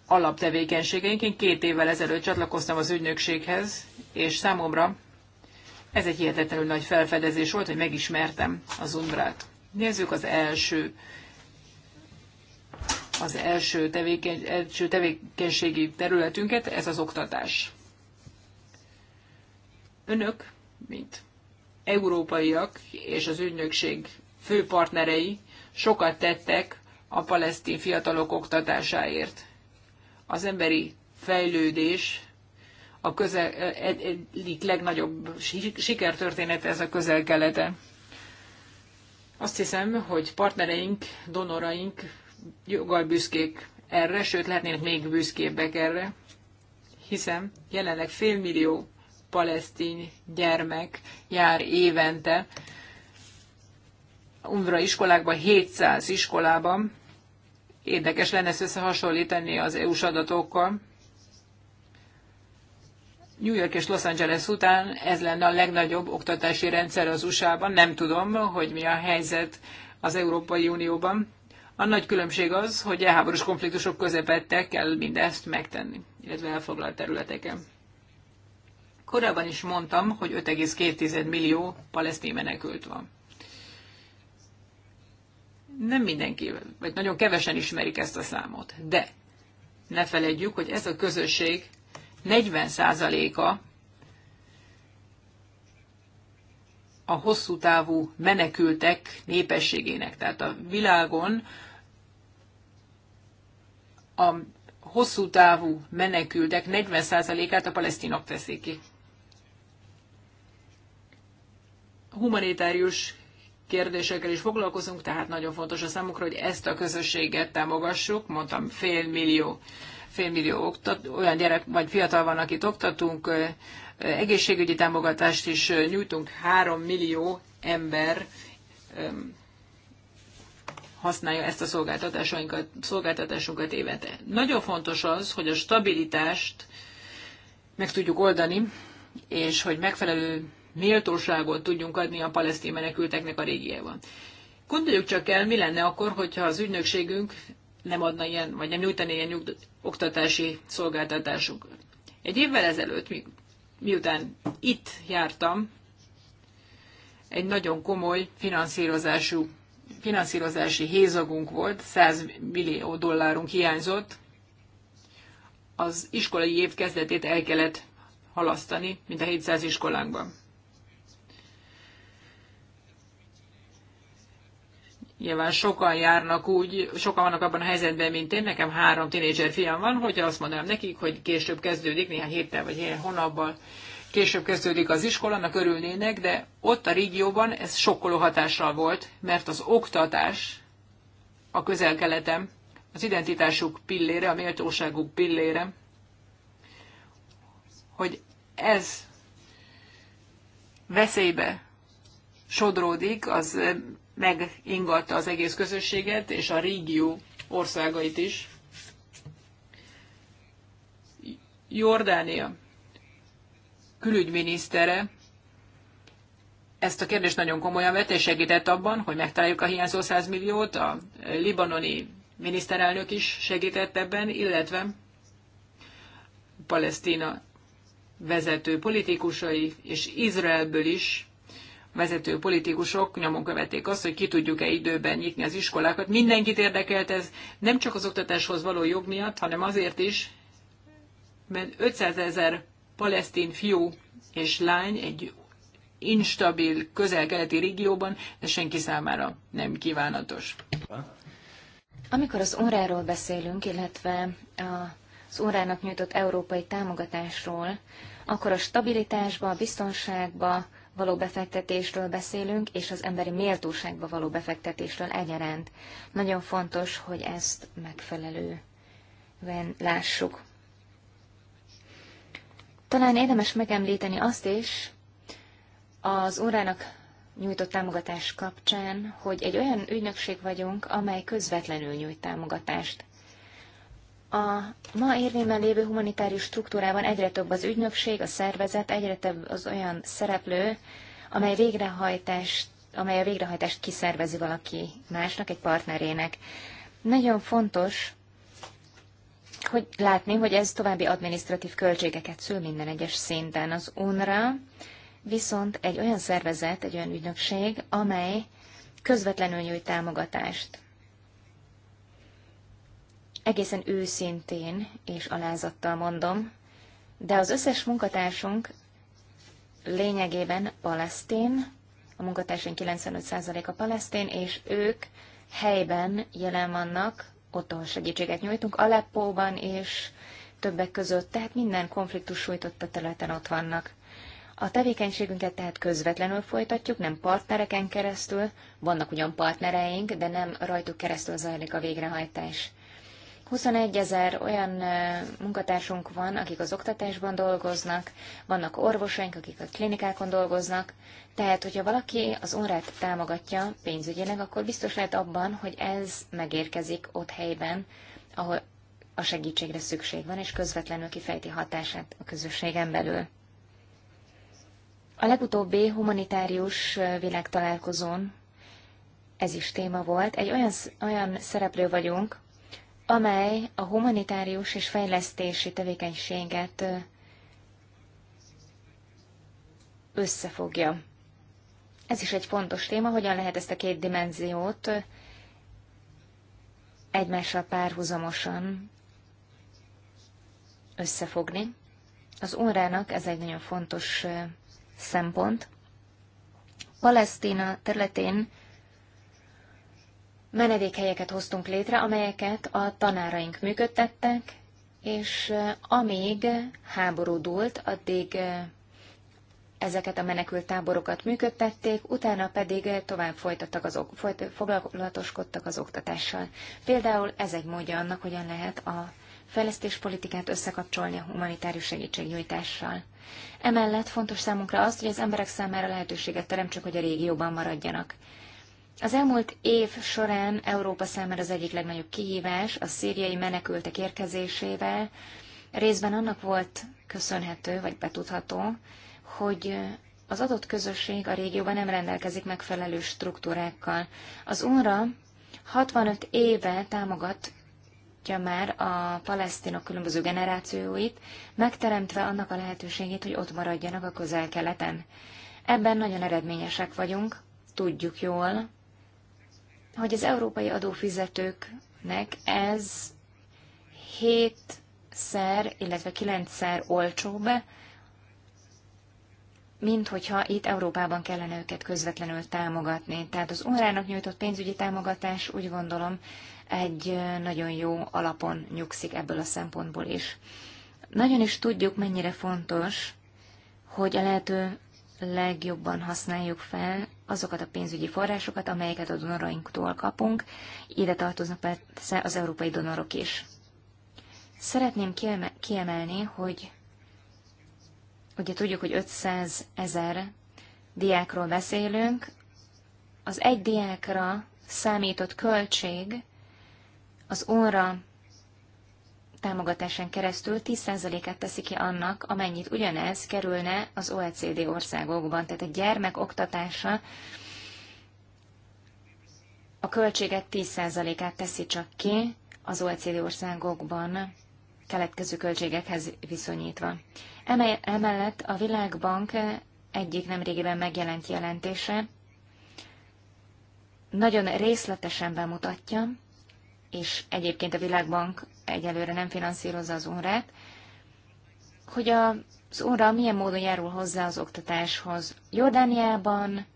alaptevékenységeink. Én két évvel ezelőtt csatlakoztam az ügynökséghez, és számomra ez egy hihetetlenül nagy felfedezés volt, hogy megismertem az umbrát. Nézzük az első az első, tevéken, első tevékenységi területünket, ez az oktatás. Önök, mint európaiak és az ügynökség fő partnerei sokat tettek a palesztin fiatalok oktatásáért. Az emberi fejlődés a közel, e, e, egyik legnagyobb sikertörténet ez a közel-keleten. Azt hiszem, hogy partnereink, donoraink joggal büszkék erre, sőt lehetnének még büszkébbek erre, hiszen jelenleg félmillió palesztin gyermek jár évente Umbra iskolákban, 700 iskolában. Érdekes lenne ezt összehasonlítani az EU-s adatokkal. New York és Los Angeles után ez lenne a legnagyobb oktatási rendszer az USA-ban. Nem tudom, hogy mi a helyzet az Európai Unióban. A nagy különbség az, hogy a háborús konfliktusok közepette kell mindezt megtenni, illetve elfoglalt területeken. Korábban is mondtam, hogy 5,2 millió palesztin menekült van. Nem mindenki, vagy nagyon kevesen ismerik ezt a számot, de ne felejtjük, hogy ez a közösség 40%-a a hosszú távú menekültek népességének. Tehát a világon a hosszú távú menekültek 40%-át a palesztinok teszik ki. Humanitárius kérdésekkel is foglalkozunk, tehát nagyon fontos a számukra, hogy ezt a közösséget támogassuk, mondtam fél millió félmillió oktat, olyan gyerek vagy fiatal van, akit oktatunk, egészségügyi támogatást is nyújtunk, három millió ember használja ezt a szolgáltatásunkat, szolgáltatásunkat évente. Nagyon fontos az, hogy a stabilitást meg tudjuk oldani, és hogy megfelelő méltóságot tudjunk adni a palesztin menekülteknek a régiában. Gondoljuk csak el, mi lenne akkor, hogyha az ügynökségünk nem adna ilyen, vagy nem nyújtani ilyen nyugd- oktatási szolgáltatásokat. Egy évvel ezelőtt, mi, miután itt jártam, egy nagyon komoly finanszírozású, finanszírozási hézagunk volt, 100 millió dollárunk hiányzott, az iskolai év kezdetét el kellett halasztani, mint a 700 iskolánkban. Nyilván sokan járnak úgy, sokan vannak abban a helyzetben, mint én, nekem három tinédzser fiam van, hogy azt mondanám nekik, hogy később kezdődik, néhány héttel vagy néhány hónapban később kezdődik az iskola, annak örülnének, de ott a régióban ez sokkoló hatással volt, mert az oktatás a közel-keletem, az identitásuk pillére, a méltóságuk pillére, hogy ez veszélybe sodródik, az megingatta az egész közösséget, és a régió országait is. Jordánia külügyminisztere ezt a kérdést nagyon komolyan vette, és segített abban, hogy megtaláljuk a hiányzó 100 milliót. A libanoni miniszterelnök is segített ebben, illetve Palesztina vezető politikusai és Izraelből is vezető politikusok nyomon követték azt, hogy ki tudjuk-e időben nyitni az iskolákat. Mindenkit érdekelt ez, nem csak az oktatáshoz való jog miatt, hanem azért is, mert 500 ezer palesztin fiú és lány egy instabil közel-keleti régióban, de senki számára nem kívánatos. Amikor az óráról beszélünk, illetve az órának nyújtott európai támogatásról, akkor a stabilitásba, a biztonságba, való befektetésről beszélünk, és az emberi méltóságba való befektetésről egyaránt. Nagyon fontos, hogy ezt megfelelően lássuk. Talán érdemes megemlíteni azt is, az órának nyújtott támogatás kapcsán, hogy egy olyan ügynökség vagyunk, amely közvetlenül nyújt támogatást. A ma érvényben lévő humanitárius struktúrában egyre több az ügynökség, a szervezet, egyre több az olyan szereplő, amely végrehajtást, amely a végrehajtást kiszervezi valaki másnak, egy partnerének. Nagyon fontos, hogy látni, hogy ez további adminisztratív költségeket szül minden egyes szinten. Az UNRA viszont egy olyan szervezet, egy olyan ügynökség, amely közvetlenül nyújt támogatást egészen őszintén és alázattal mondom, de az összes munkatársunk lényegében palesztén, a munkatársaink 95%-a palesztén, és ők helyben jelen vannak, otthon segítséget nyújtunk, Aleppóban és többek között, tehát minden konfliktus a területen ott vannak. A tevékenységünket tehát közvetlenül folytatjuk, nem partnereken keresztül, vannak ugyan partnereink, de nem rajtuk keresztül zajlik a végrehajtás. 21 ezer olyan munkatársunk van, akik az oktatásban dolgoznak, vannak orvosaink, akik a klinikákon dolgoznak, tehát hogyha valaki az onrát támogatja pénzügyének, akkor biztos lehet abban, hogy ez megérkezik ott helyben, ahol a segítségre szükség van, és közvetlenül kifejti hatását a közösségen belül. A legutóbbi humanitárius világtalálkozón ez is téma volt. Egy olyan, olyan szereplő vagyunk, amely a humanitárius és fejlesztési tevékenységet összefogja. Ez is egy fontos téma, hogyan lehet ezt a két dimenziót egymással párhuzamosan összefogni. Az órának ez egy nagyon fontos szempont. Palesztina területén menedékhelyeket hoztunk létre, amelyeket a tanáraink működtettek, és eh, amíg háború dúlt, addig eh, ezeket a menekült táborokat működtették, utána pedig eh, tovább folytattak az, folyt, foglalatoskodtak az oktatással. Például ez egy módja annak, hogyan lehet a fejlesztéspolitikát összekapcsolni a humanitárius segítségnyújtással. Emellett fontos számunkra az, hogy az emberek számára lehetőséget teremtsük, hogy a régióban maradjanak. Az elmúlt év során Európa számára az egyik legnagyobb kihívás a szíriai menekültek érkezésével részben annak volt köszönhető, vagy betudható, hogy az adott közösség a régióban nem rendelkezik megfelelő struktúrákkal. Az UNRWA 65 éve támogatja már a palesztinok különböző generációit, megteremtve annak a lehetőségét, hogy ott maradjanak a közel-keleten. Ebben nagyon eredményesek vagyunk, tudjuk jól, hogy az európai adófizetőknek ez hétszer, illetve kilencszer olcsóbb, mint hogyha itt Európában kellene őket közvetlenül támogatni. Tehát az unrának nyújtott pénzügyi támogatás úgy gondolom egy nagyon jó alapon nyugszik ebből a szempontból is. Nagyon is tudjuk, mennyire fontos, hogy a lehető legjobban használjuk fel azokat a pénzügyi forrásokat, amelyeket a donorainktól kapunk, ide tartoznak persze az európai donorok is. Szeretném kiemelni, hogy ugye tudjuk, hogy 500 ezer diákról beszélünk, az egy diákra számított költség az óra támogatásán keresztül 10%-át teszi ki annak, amennyit ugyanez kerülne az OECD országokban. Tehát a gyermek oktatása a költséget 10%-át teszi csak ki az OECD országokban keletkező költségekhez viszonyítva. Emellett a Világbank egyik nemrégiben megjelent jelentése nagyon részletesen bemutatja, és egyébként a Világbank egyelőre nem finanszírozza az UNRWA-t, hogy az unra milyen módon járul hozzá az oktatáshoz. Jordániában,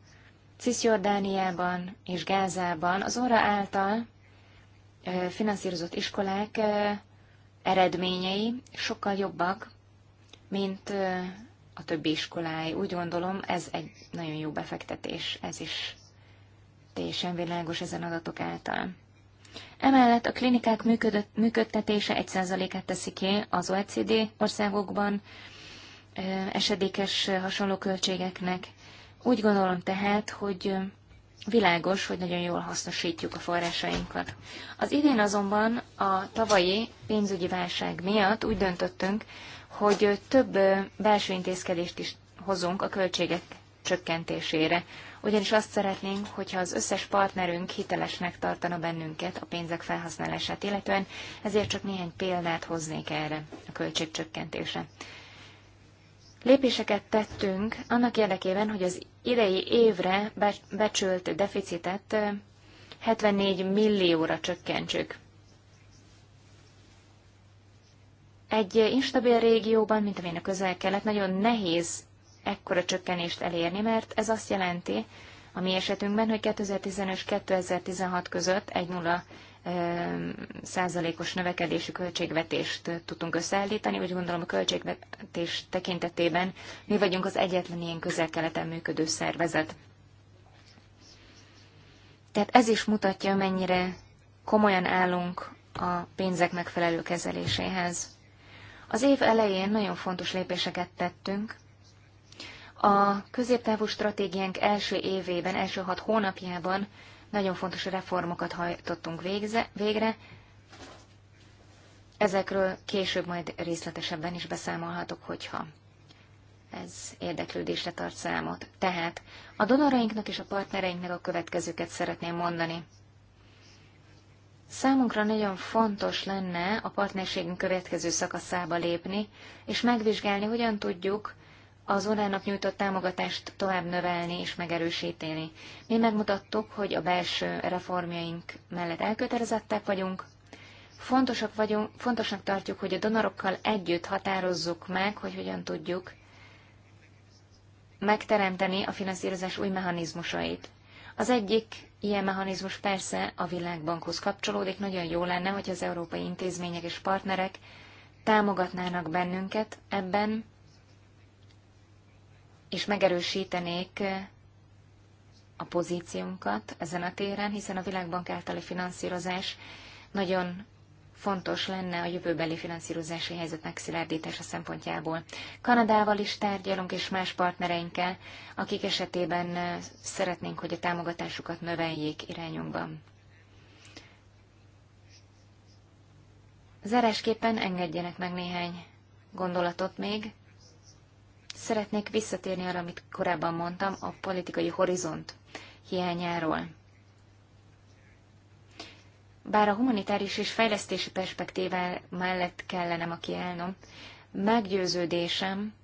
Cisjordániában és Gázában az unra által finanszírozott iskolák eredményei sokkal jobbak, mint a többi iskolái. Úgy gondolom, ez egy nagyon jó befektetés, ez is teljesen világos ezen adatok által. Emellett a klinikák működött, működtetése 1%-át teszi ki az OECD országokban esedékes hasonló költségeknek. Úgy gondolom tehát, hogy világos, hogy nagyon jól hasznosítjuk a forrásainkat. Az idén azonban a tavalyi pénzügyi válság miatt úgy döntöttünk, hogy több belső intézkedést is hozunk a költségek csökkentésére ugyanis azt szeretnénk, hogyha az összes partnerünk hitelesnek tartana bennünket a pénzek felhasználását illetően, ezért csak néhány példát hoznék erre a költségcsökkentésre. Lépéseket tettünk annak érdekében, hogy az idei évre becsült deficitet 74 millióra csökkentsük. Egy instabil régióban, mint amilyen a közel-kelet, nagyon nehéz ekkora csökkenést elérni, mert ez azt jelenti, a mi esetünkben, hogy 2015 és 2016 között egy nulla százalékos növekedésű költségvetést tudtunk összeállítani, vagy gondolom a költségvetés tekintetében mi vagyunk az egyetlen ilyen közel-keleten működő szervezet. Tehát ez is mutatja, mennyire komolyan állunk a pénzek megfelelő kezeléséhez. Az év elején nagyon fontos lépéseket tettünk, a középtávú stratégiánk első évében, első hat hónapjában nagyon fontos reformokat hajtottunk végze, végre. Ezekről később majd részletesebben is beszámolhatok, hogyha ez érdeklődésre tart számot. Tehát a donorainknak és a partnereinknek a következőket szeretném mondani. Számunkra nagyon fontos lenne a partnerségünk következő szakaszába lépni, és megvizsgálni, hogyan tudjuk az olának nyújtott támogatást tovább növelni és megerősíteni. Mi megmutattuk, hogy a belső reformjaink mellett elkötelezettek vagyunk, Fontosak vagyunk, fontosnak tartjuk, hogy a donorokkal együtt határozzuk meg, hogy hogyan tudjuk megteremteni a finanszírozás új mechanizmusait. Az egyik ilyen mechanizmus persze a világbankhoz kapcsolódik, nagyon jó lenne, hogy az európai intézmények és partnerek támogatnának bennünket ebben, és megerősítenék a pozíciónkat ezen a téren, hiszen a Világbank általi finanszírozás nagyon fontos lenne a jövőbeli finanszírozási helyzet megszilárdítása szempontjából. Kanadával is tárgyalunk, és más partnereinkkel, akik esetében szeretnénk, hogy a támogatásukat növeljék irányunkban. Zárásképpen engedjenek meg néhány gondolatot még. Szeretnék visszatérni arra, amit korábban mondtam, a politikai horizont hiányáról. Bár a humanitárius és fejlesztési perspektívá mellett kellene ma kiállnom, meggyőződésem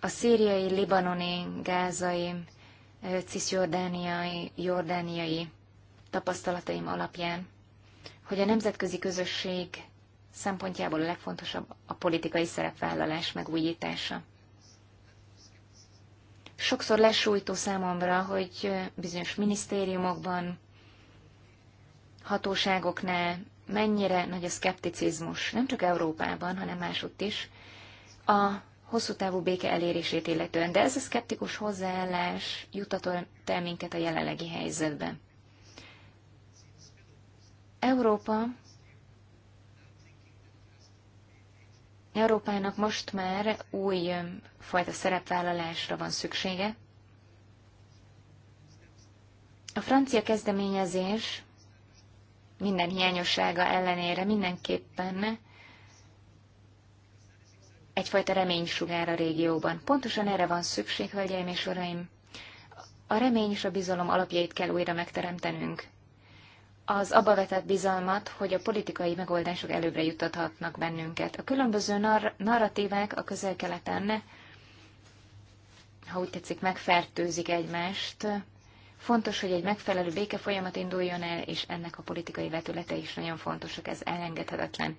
a szíriai, libanoni, gázai, cisjordániai, jordániai tapasztalataim alapján, hogy a nemzetközi közösség szempontjából a legfontosabb a politikai szerepvállalás megújítása. Sokszor lesújtó számomra, hogy bizonyos minisztériumokban, hatóságoknál mennyire nagy a szkepticizmus, nem csak Európában, hanem másutt is, a hosszú távú béke elérését illetően. De ez a szkeptikus hozzáállás jutatott el minket a jelenlegi helyzetbe. Európa Európának most már új um, fajta szerepvállalásra van szüksége. A francia kezdeményezés minden hiányossága ellenére mindenképpen egyfajta reménysugár a régióban. Pontosan erre van szükség, hölgyeim és uraim. A remény és a bizalom alapjait kell újra megteremtenünk az abba vetett bizalmat, hogy a politikai megoldások előbbre juttathatnak bennünket. A különböző nar- narratívák a közel-keleten, ha úgy tetszik, megfertőzik egymást. Fontos, hogy egy megfelelő béke folyamat induljon el, és ennek a politikai vetülete is nagyon fontosak, ez elengedhetetlen.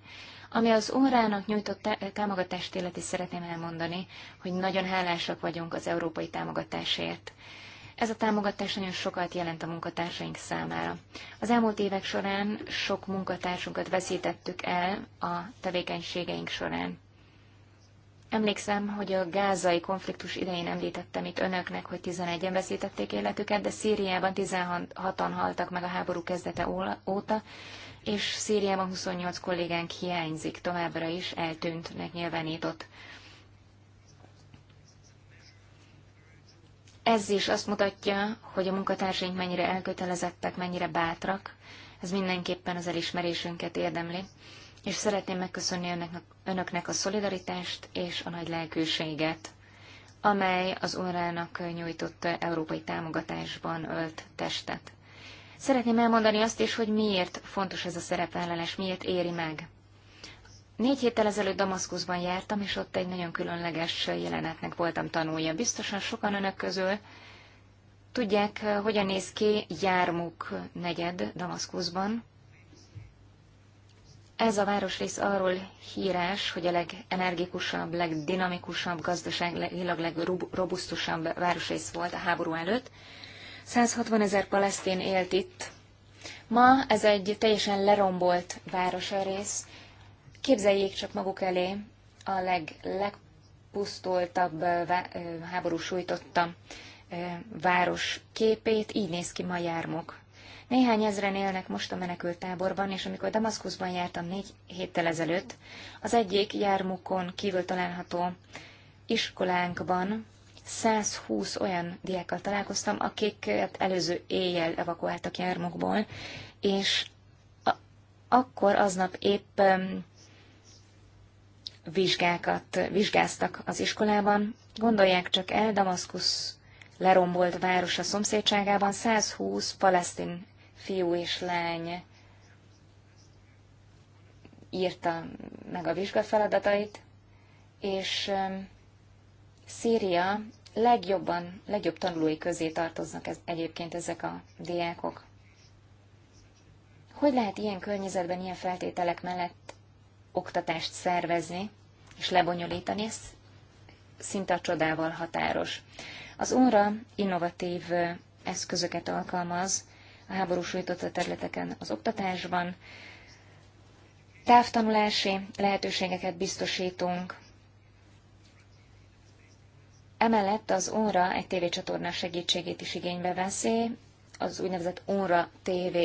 Ami az órának nyújtott támogatást illeti, szeretném elmondani, hogy nagyon hálásak vagyunk az európai támogatásért. Ez a támogatás nagyon sokat jelent a munkatársaink számára. Az elmúlt évek során sok munkatársunkat veszítettük el a tevékenységeink során. Emlékszem, hogy a gázai konfliktus idején említettem itt önöknek, hogy 11-en veszítették életüket, de Szíriában 16-an haltak meg a háború kezdete óta, és Szíriában 28 kollégánk hiányzik továbbra is, eltűntnek nyilvánított Ez is azt mutatja, hogy a munkatársaink mennyire elkötelezettek, mennyire bátrak. Ez mindenképpen az elismerésünket érdemli. És szeretném megköszönni önöknek, önöknek a szolidaritást és a nagy lelkűséget, amely az órának nyújtott európai támogatásban ölt testet. Szeretném elmondani azt is, hogy miért fontos ez a szerepvállalás, miért éri meg. Négy héttel ezelőtt Damaszkuszban jártam, és ott egy nagyon különleges jelenetnek voltam tanulja. Biztosan sokan önök közül tudják, eh, hogyan néz ki Jármuk negyed Damaszkuszban. Ez a városrész arról híres, hogy a legenergikusabb, legdinamikusabb, gazdaságilag legrobusztusabb városrész volt a háború előtt. 160 ezer palesztin élt itt. Ma ez egy teljesen lerombolt városrész, Képzeljék csak maguk elé a leg, legpusztultabb, háború sújtotta város képét, így néz ki ma jármok. Néhány ezren élnek most a táborban, és amikor Damaszkuszban jártam négy héttel ezelőtt, az egyik jármukon kívül található iskolánkban 120 olyan diákkal találkoztam, akiket előző éjjel evakuáltak jármukból, és akkor aznap épp um, vizsgákat vizsgáztak az iskolában. Gondolják csak el, Damaszkusz lerombolt városa szomszédságában 120 palesztin fiú és lány írta meg a vizsgafeladatait, és um, Szíria legjobban, legjobb tanulói közé tartoznak ez, egyébként ezek a diákok. Hogy lehet ilyen környezetben, ilyen feltételek mellett oktatást szervezni és lebonyolítani, ez szinte a csodával határos. Az óra innovatív eszközöket alkalmaz a háborús sújtotta területeken az oktatásban. Távtanulási lehetőségeket biztosítunk. Emellett az óra egy tévécsatorna segítségét is igénybe veszi, az úgynevezett óra TV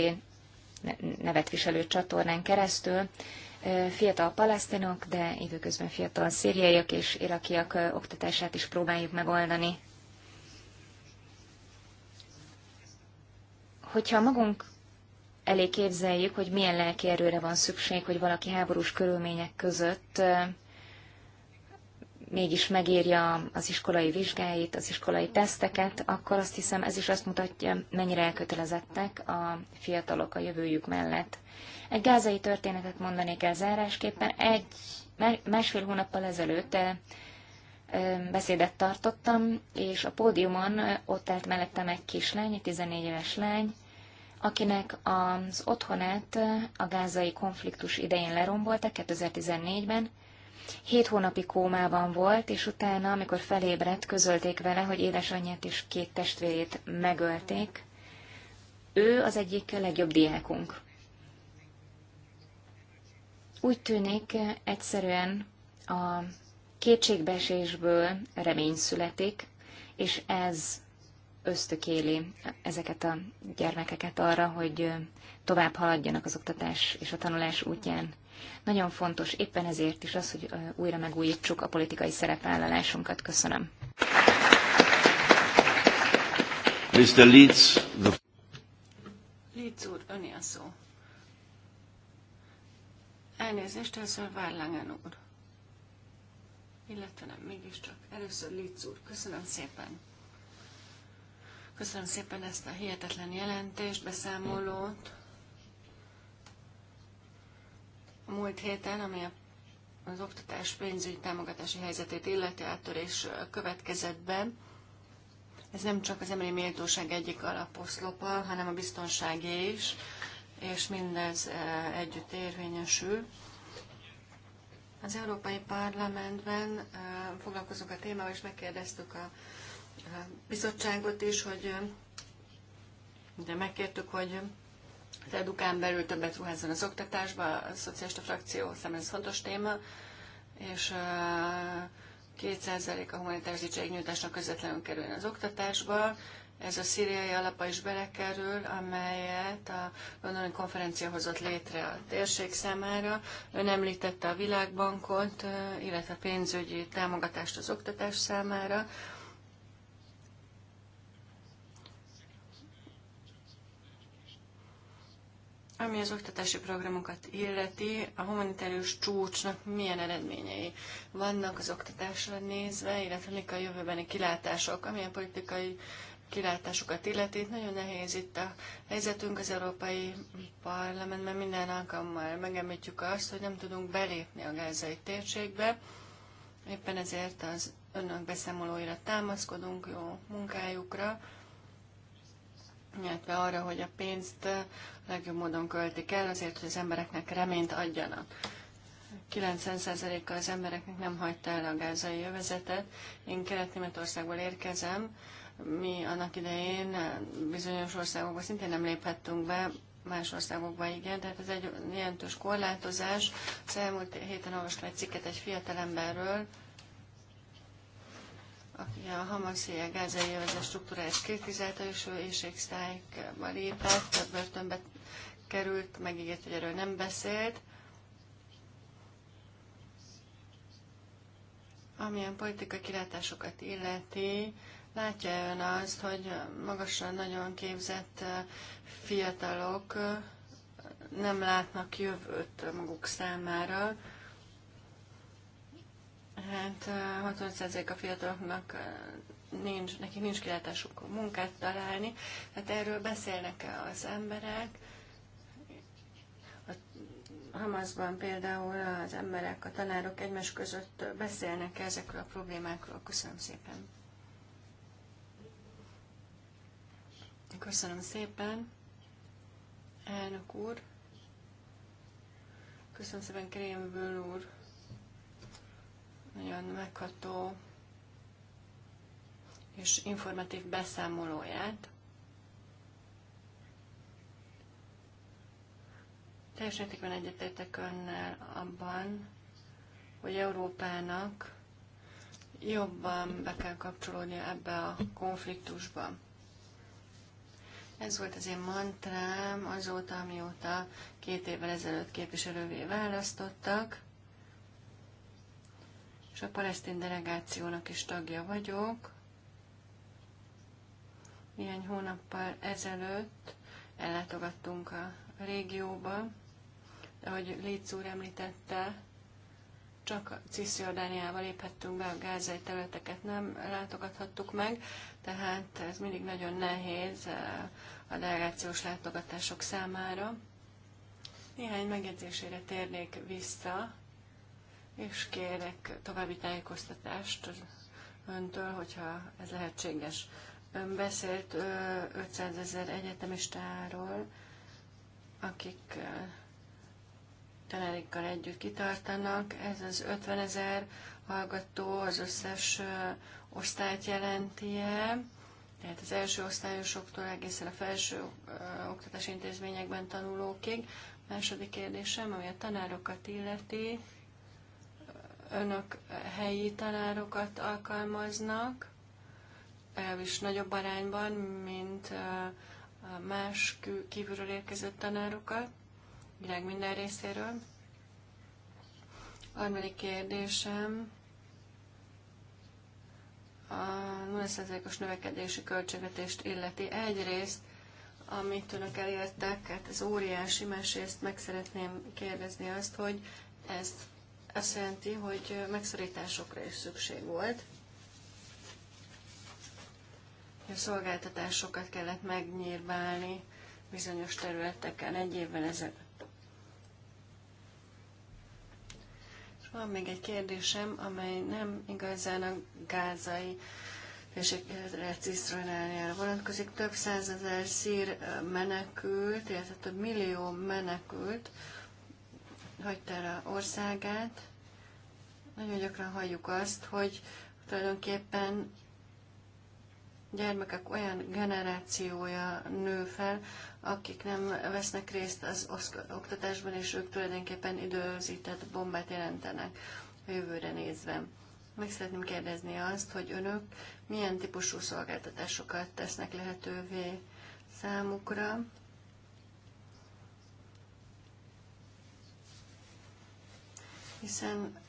nevet viselő csatornán keresztül fiatal palesztinok, de időközben fiatal szíriaiak és irakiak oktatását is próbáljuk megoldani. Hogyha magunk elé képzeljük, hogy milyen lelki erőre van szükség, hogy valaki háborús körülmények között mégis megírja az iskolai vizsgáit, az iskolai teszteket, akkor azt hiszem ez is azt mutatja, mennyire elkötelezettek a fiatalok a jövőjük mellett. Egy gázai történetet mondanék el zárásképpen. Egy, másfél hónappal ezelőtt beszédet tartottam, és a pódiumon ott állt mellettem egy kislány, egy 14 éves lány, akinek az otthonát a gázai konfliktus idején leromboltak 2014-ben, Hét hónapi kómában volt, és utána, amikor felébredt, közölték vele, hogy édesanyját és két testvérét megölték. Ő az egyik legjobb diákunk. Úgy tűnik, egyszerűen a kétségbeesésből remény születik, és ez ösztökéli ezeket a gyermekeket arra, hogy tovább haladjanak az oktatás és a tanulás útján. Nagyon fontos éppen ezért is az, hogy újra megújítsuk a politikai szerepvállalásunkat. Köszönöm. Mr. Leeds, the... Leeds úr, öné a szó. Elnézést, először Várlángen úr. Illetve nem, mégiscsak. Először Leeds úr, köszönöm szépen. Köszönöm szépen ezt a hihetetlen jelentést, beszámolót. múlt héten, ami az oktatás pénzügyi támogatási helyzetét illeti áttörés következett be. Ez nem csak az emberi méltóság egyik alaposzlopa, hanem a biztonságé is, és mindez együtt érvényesül. Az Európai Parlamentben foglalkozunk a témával, és megkérdeztük a bizottságot is, hogy de megkértük, hogy az edukán belül többet ruházzon az oktatásba, a szocialista frakció számára ez fontos téma, és 2% a humanitárs nyújtásnak közvetlenül kerül az oktatásba. Ez a szíriai alapa is belekerül, amelyet a londoni konferencia hozott létre a térség számára. Ön említette a világbankot, illetve pénzügyi támogatást az oktatás számára. Ami az oktatási programokat illeti, a humanitárius csúcsnak milyen eredményei vannak az oktatásra nézve, illetve mik a jövőbeni kilátások, amilyen politikai kilátásokat illeti. Nagyon nehéz itt a helyzetünk az Európai Parlamentben, minden alkalommal megemlítjük azt, hogy nem tudunk belépni a gázai térségbe. Éppen ezért az önök beszámolóira támaszkodunk, jó munkájukra illetve arra, hogy a pénzt eh, legjobb módon költik el, azért, hogy az embereknek reményt adjanak. 90%-a az embereknek nem hagyta el a gázai övezetet. Én Kelet-Németországból érkezem. Mi annak idején eh, bizonyos országokban szintén nem léphettünk be, más országokba igen, tehát ez egy jelentős korlátozás. Az elmúlt héten olvastam egy cikket egy fiatalemberről, aki a Hamaszéja gázai övezet struktúráját kritizálta, és ő éjségsztrájkba lépett, börtönbe került, megígért, hogy erről nem beszélt. Amilyen politikai kilátásokat illeti, látja ön azt, hogy magasan nagyon képzett fiatalok nem látnak jövőt maguk számára, Hát 60% a fiataloknak nincs, neki nincs kilátásuk munkát találni, hát erről beszélnek -e az emberek. A Hamaszban például az emberek, a tanárok egymás között beszélnek -e ezekről a problémákról. Köszönöm szépen. Köszönöm szépen, elnök úr. Köszönöm szépen, Krémből úr nagyon megható és informatív beszámolóját. Teljes mértékben egyetértek önnel abban, hogy Európának jobban be kell kapcsolódni ebbe a konfliktusba. Ez volt az én mantrám azóta, amióta két évvel ezelőtt képviselővé választottak és a palesztin delegációnak is tagja vagyok. Néhány hónappal ezelőtt ellátogattunk a régióba, de ahogy Létsz úr említette, csak Cisziordániával léphettünk be, a gázai területeket nem látogathattuk meg, tehát ez mindig nagyon nehéz eh, a delegációs látogatások számára. Néhány megjegyzésére térnék vissza, és kérek további tájékoztatást öntől, hogyha ez lehetséges. Ön beszélt 500 ezer egyetemistáról, akik tanárikkal együtt kitartanak. Ez az 50 ezer hallgató az összes osztályt jelenti -e. Tehát az első osztályosoktól egészen a felső oktatási intézményekben tanulókig. Második kérdésem, ami a tanárokat illeti, önök helyi tanárokat alkalmaznak, legalábbis nagyobb arányban, mint más kívülről érkező tanárokat, világ minden részéről. Harmadik kérdésem, a 0%-os növekedési költségvetést illeti. Egyrészt, amit önök elértek, hát ez óriási, másrészt meg szeretném kérdezni azt, hogy ezt azt jelenti, hogy megszorításokra is szükség volt. A szolgáltatásokat kellett megnyírbálni bizonyos területeken egy évvel ezelőtt. van még egy kérdésem, amely nem igazán a gázai térségre Cisztronáliára vonatkozik. Több százezer szír menekült, illetve több millió menekült hagyta el a országát. Nagyon gyakran halljuk azt, hogy tulajdonképpen gyermekek olyan generációja nő fel, akik nem vesznek részt az oktatásban, és ők tulajdonképpen időzített bombát jelentenek a jövőre nézve. Meg szeretném kérdezni azt, hogy önök milyen típusú szolgáltatásokat tesznek lehetővé számukra, hiszen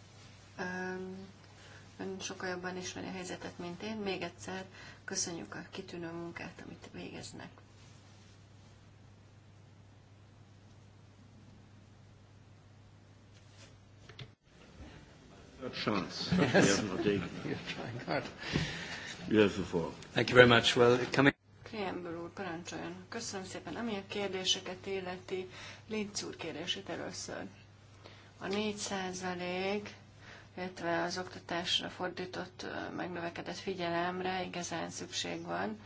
ön sokkal jobban ismeri a helyzetet, mint én. Még egyszer köszönjük a kitűnő munkát, amit végeznek. chance. Yes. Thank you very much. Well, coming. Kriember úr, parancsoljon. Köszönöm szépen. Ami a kérdéseket illeti, Linz úr kérdését először. A négy százalék illetve az oktatásra fordított megnövekedett figyelemre igazán szükség van.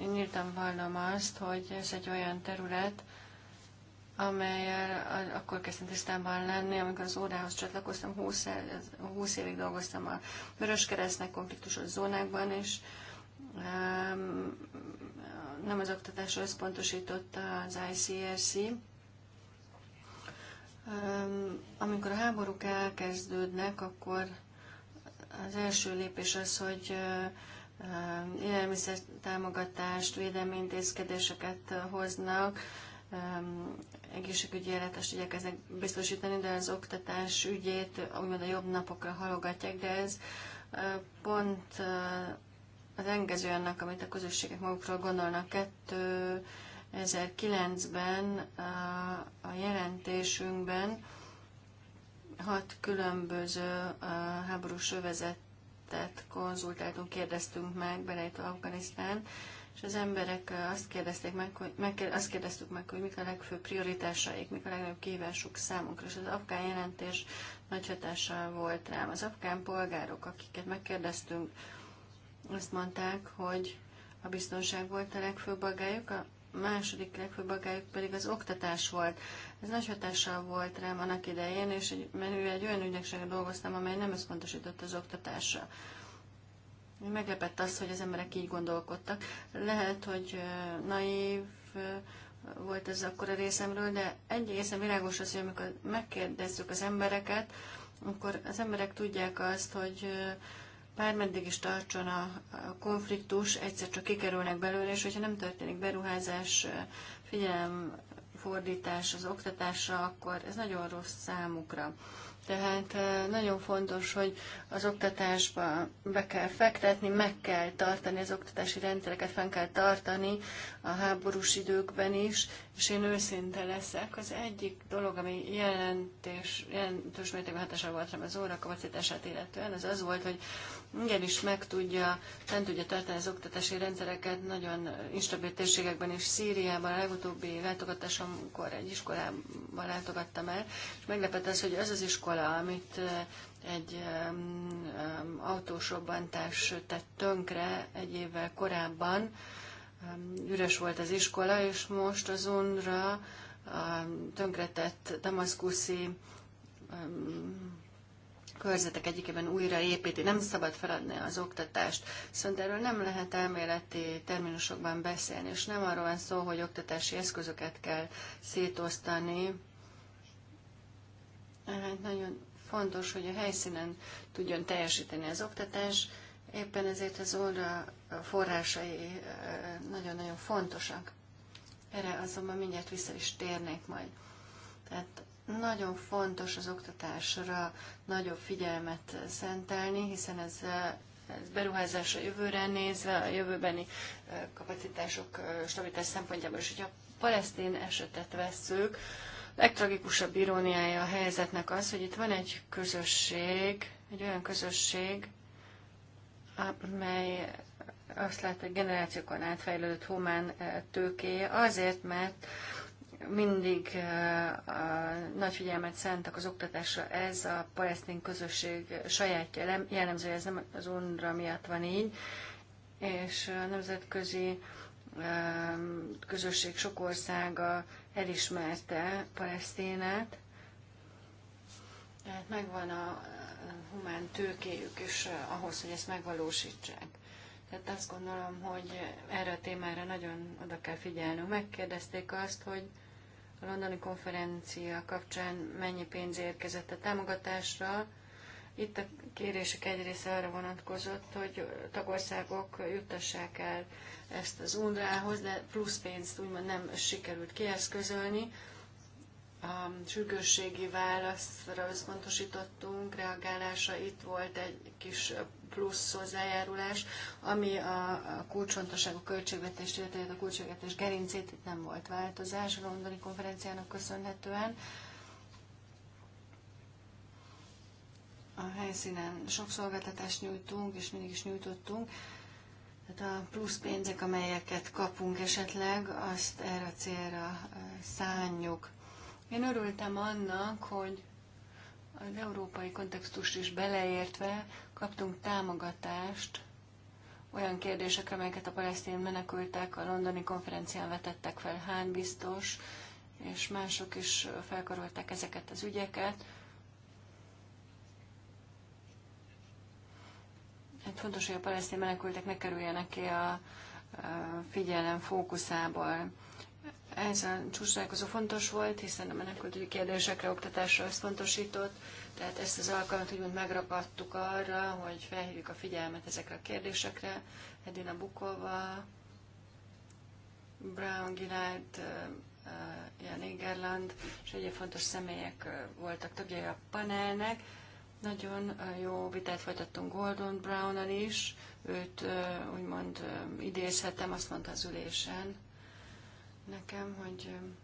Én írtam vallom azt, hogy ez egy olyan terület, amelyel akkor kezdtem tisztában lenni, amikor az órához csatlakoztam, 20, 20 évig dolgoztam a Vöröskeresztnek konfliktusos zónákban, és nem az oktatásra összpontosította az ICRC, amikor a háborúk elkezdődnek, akkor az első lépés az, hogy élelmiszer támogatást, védelmi intézkedéseket hoznak, egészségügyi életest igyekeznek biztosítani, de az oktatás ügyét úgymond a jobb napokra halogatják, de ez pont az engező annak, amit a közösségek magukról gondolnak. Kettő 2009-ben a jelentésünkben hat különböző háborús övezetet konzultáltunk, kérdeztünk meg, belejtve Afganisztán, és az emberek azt kérdezték meg, hogy, meg, azt kérdeztük meg, hogy mik a legfőbb prioritásaik, mik a legnagyobb kihívásuk számunkra, és az afgán jelentés nagy hatással volt rám. Az afgán polgárok, akiket megkérdeztünk, azt mondták, hogy a biztonság volt a legfőbb aggályuk, a második legfőbb aggályuk pedig az oktatás volt. Ez nagy hatással volt rám annak idején, és egy, mert egy olyan ügynökségre dolgoztam, amely nem összpontosított az oktatásra. Meglepett az, hogy az emberek így gondolkodtak. Lehet, hogy naív volt ez akkor a részemről, de egy egészen világos az, hogy amikor megkérdezzük az embereket, akkor az emberek tudják azt, hogy bármeddig is tartson a konfliktus, egyszer csak kikerülnek belőle, és hogyha nem történik beruházás, figyelemfordítás az oktatásra, akkor ez nagyon rossz számukra. Tehát nagyon fontos, hogy az oktatásba be kell fektetni, meg kell tartani az oktatási rendszereket, fenn kell tartani a háborús időkben is, és én őszinte leszek. Az egyik dolog, ami jelentős, jelentős mértékben hatással volt rám az óra kapacitását illetően, az az volt, hogy igenis meg tudja, nem tudja tartani az oktatási rendszereket nagyon instabil térségekben és Szíriában. A legutóbbi látogatásomkor egy iskolában látogattam el, és meglepett az, hogy az az iskola, amit egy um, um, autós robbantás tett tönkre egy évvel korábban, um, üres volt az iskola, és most az UNRWA a tönkretett damaszkuszi um, körzetek egyikében újra építi, nem szabad feladni az oktatást. Viszont szóval erről nem lehet elméleti terminusokban beszélni, és nem arról van szó, hogy oktatási eszközöket kell szétosztani. Hát nagyon fontos, hogy a helyszínen tudjon teljesíteni az oktatás, éppen ezért az óra forrásai eh, nagyon-nagyon fontosak. Erre azonban mindjárt vissza is térnék majd. Tehát nagyon fontos az oktatásra nagyobb figyelmet szentelni, hiszen ez, eh, ez beruházás a jövőre nézve, a jövőbeni eh, kapacitások eh, stabilitás szempontjából is. Hogyha a palesztin esetet vesszük, legtragikusabb iróniája a helyzetnek az, hogy itt van egy közösség, egy olyan közösség, amely azt lát, hogy generációkon átfejlődött humán tőkéje, azért, mert mindig eh, nagy figyelmet szántak az oktatásra. Ez a palesztin közösség saját jellemzője, ez nem az UNRWA miatt van így, és a eh, nemzetközi eh, közösség sok országa elismerte Palesztinát, tehát megvan a humán tőkéjük is ahhoz, hogy ezt megvalósítsák. Tehát azt gondolom, hogy erre a témára nagyon oda kell figyelnünk. Megkérdezték azt, hogy a londoni konferencia kapcsán mennyi pénz érkezett a támogatásra. Itt a kérések egy része arra vonatkozott, hogy tagországok juttassák el ezt az undrához, hoz de plusz pénzt úgymond nem sikerült kieszközölni a sürgősségi válaszra összpontosítottunk, reagálása itt volt egy kis plusz hozzájárulás, ami a, a kulcsfontosságú költségvetés, illetve a költségvetés gerincét itt nem volt változás a londoni konferenciának köszönhetően. A helyszínen sok szolgáltatást nyújtunk, és mindig is nyújtottunk, tehát a plusz pénzek, amelyeket kapunk esetleg, azt erre a célra szánjuk. Én örültem annak, hogy az európai kontextus is beleértve kaptunk támogatást olyan kérdésekre, amelyeket a palesztin menekültek a londoni konferencián vetettek fel, Hán biztos, és mások is felkarolták ezeket az ügyeket. Hát fontos, hogy a palesztin menekültek ne kerüljenek ki a figyelem fókuszából. Ez a csúcsnálkozó fontos volt, hiszen a menekültügyi kérdésekre, oktatásra összpontosított, tehát ezt az alkalmat úgymond megragadtuk arra, hogy felhívjuk a figyelmet ezekre a kérdésekre. Edina Bukova, Brown Gilad, Jan Ingerland és egyéb fontos személyek voltak tagjai a panelnek. Nagyon jó vitát folytattunk Gordon brown is, őt úgymond idézhetem, azt mondta az ülésen, nekem, hogy um,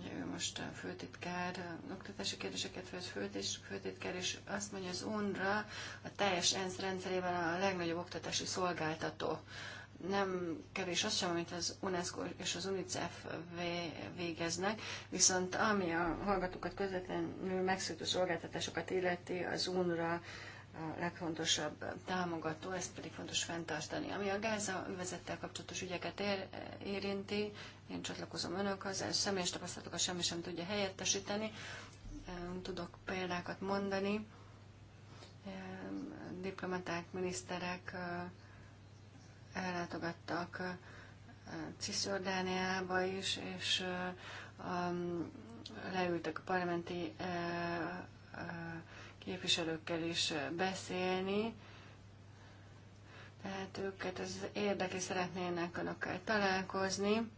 ugye ő most a főtitkár, oktatási kérdéseket vett föl, és főtitkár, és azt mondja, az Unra a teljes ENSZ rendszerében a legnagyobb oktatási szolgáltató. Nem kevés az sem, amit az UNESCO és az UNICEF végeznek, viszont ami a hallgatókat közvetlenül megszűtő szolgáltatásokat illeti, az Unra a legfontosabb támogató, ezt pedig fontos fenntartani. Ami a Gáza övezettel kapcsolatos ügyeket ér, érinti, én csatlakozom önökhoz, ez személyes tapasztalatokat semmi sem tudja helyettesíteni. Tudok példákat mondani. Diplomaták, miniszterek ellátogattak Cisjordániába is, és leültek a parlamenti képviselőkkel is beszélni. Tehát őket az érdekes szeretnének önökkel találkozni,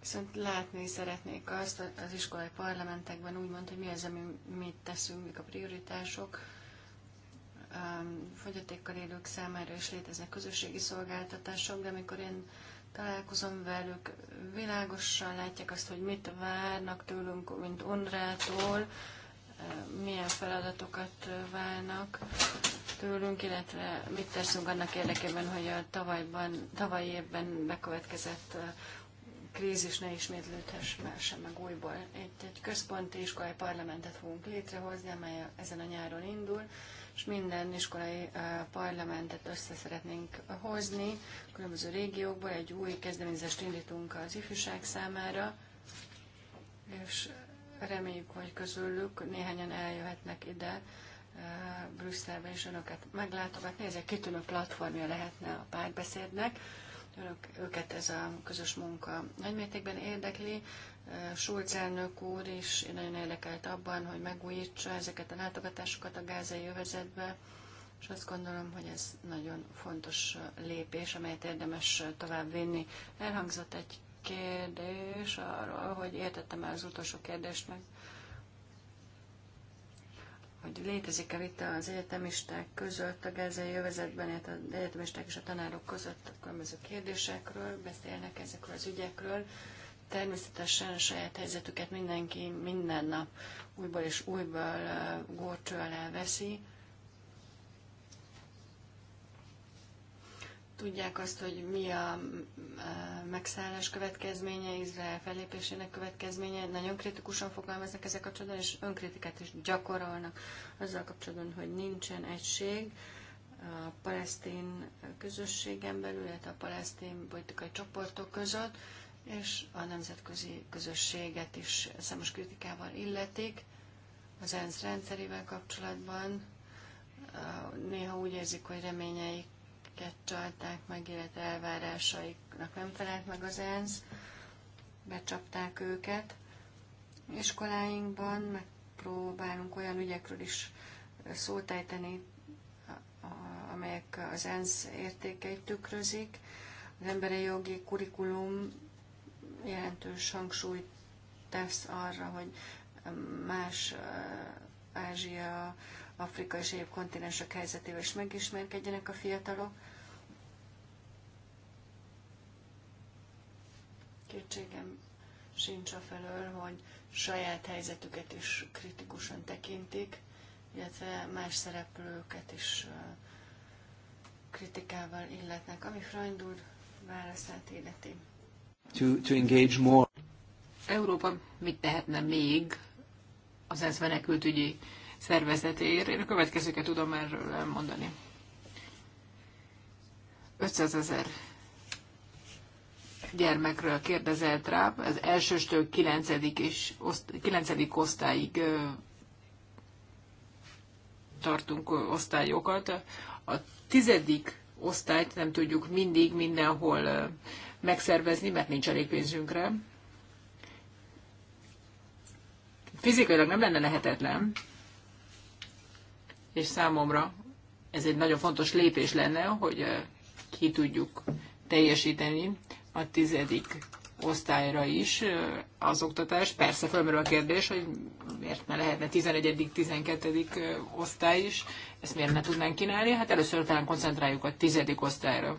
viszont látni szeretnék azt az iskolai parlamentekben úgymond, hogy mi az, ami mit teszünk, mik a prioritások. Fogyatékkal élők számára is léteznek közösségi szolgáltatások, de amikor én találkozom velük, világosan látják azt, hogy mit várnak tőlünk, mint Onrától, milyen feladatokat válnak tőlünk, illetve mit teszünk annak érdekében, hogy a tavalyban, tavalyi évben bekövetkezett krízis ne ismétlődhessen meg újból. Itt egy központi iskolai parlamentet fogunk létrehozni, amely ezen a nyáron indul, és minden iskolai parlamentet össze szeretnénk hozni különböző régiókból. Egy új kezdeményezést indítunk az ifjúság számára, és Reméljük, hogy közülük néhányan eljöhetnek ide eh, Brüsszelbe, és önöket meglátogatni. Ez egy kitűnő platformja lehetne a párbeszédnek. Önök, őket ez a közös munka nagymértékben érdekli. Eh, Schulz elnök úr is nagyon érdekelt abban, hogy megújítsa ezeket a látogatásokat a gázai övezetbe, és azt gondolom, hogy ez nagyon fontos eh, lépés, amelyet érdemes tovább vinni. Elhangzott egy kérdés arról, hogy értettem el az utolsó kérdést meg, hogy létezik a vita az egyetemisták között, a gázai jövezetben, illetve az egyetemisták és a tanárok között a különböző kérdésekről, beszélnek ezekről az ügyekről. Természetesen a saját helyzetüket mindenki minden nap újból és újból górcső alá veszi. tudják azt, hogy mi a e, megszállás következménye, Izrael felépésének következménye. Nagyon kritikusan fogalmaznak ezek kapcsolatban, és önkritikát is gyakorolnak azzal kapcsolatban, hogy nincsen egység a palesztin közösségen belül, illetve a palesztin politikai csoportok között, és a nemzetközi közösséget is számos kritikával illetik az ENSZ rendszerével kapcsolatban. Néha úgy érzik, hogy reményeik csalták meg, illetve elvárásaiknak nem felelt meg az ENSZ, becsapták őket. Iskoláinkban megpróbálunk olyan ügyekről is szótájteni, amelyek az ENSZ értékeit tükrözik. Az emberi jogi kurikulum jelentős hangsúlyt tesz arra, hogy más Ázsia Afrika és egyéb kontinensek helyzetével is megismerkedjenek a fiatalok. Kétségem sincs a felől, hogy saját helyzetüket is kritikusan tekintik, illetve más szereplőket is kritikával illetnek, ami Freund úr válaszát életi. To, to engage more. Európa mit tehetne még az ENSZ menekültügyi szervezetéért. Én a következőket tudom erről elmondani. 500 ezer gyermekről kérdezett rá, az elsőstől 9. és 9. osztályig tartunk osztályokat. A tizedik osztályt nem tudjuk mindig mindenhol megszervezni, mert nincs elég pénzünkre. fizikailag nem lenne lehetetlen, és számomra ez egy nagyon fontos lépés lenne, hogy ki tudjuk teljesíteni a tizedik osztályra is az oktatás. Persze fölmerül a kérdés, hogy miért ne lehetne 11. 12. osztály is, ezt miért ne tudnánk kínálni. Hát először talán koncentráljuk a tizedik osztályra.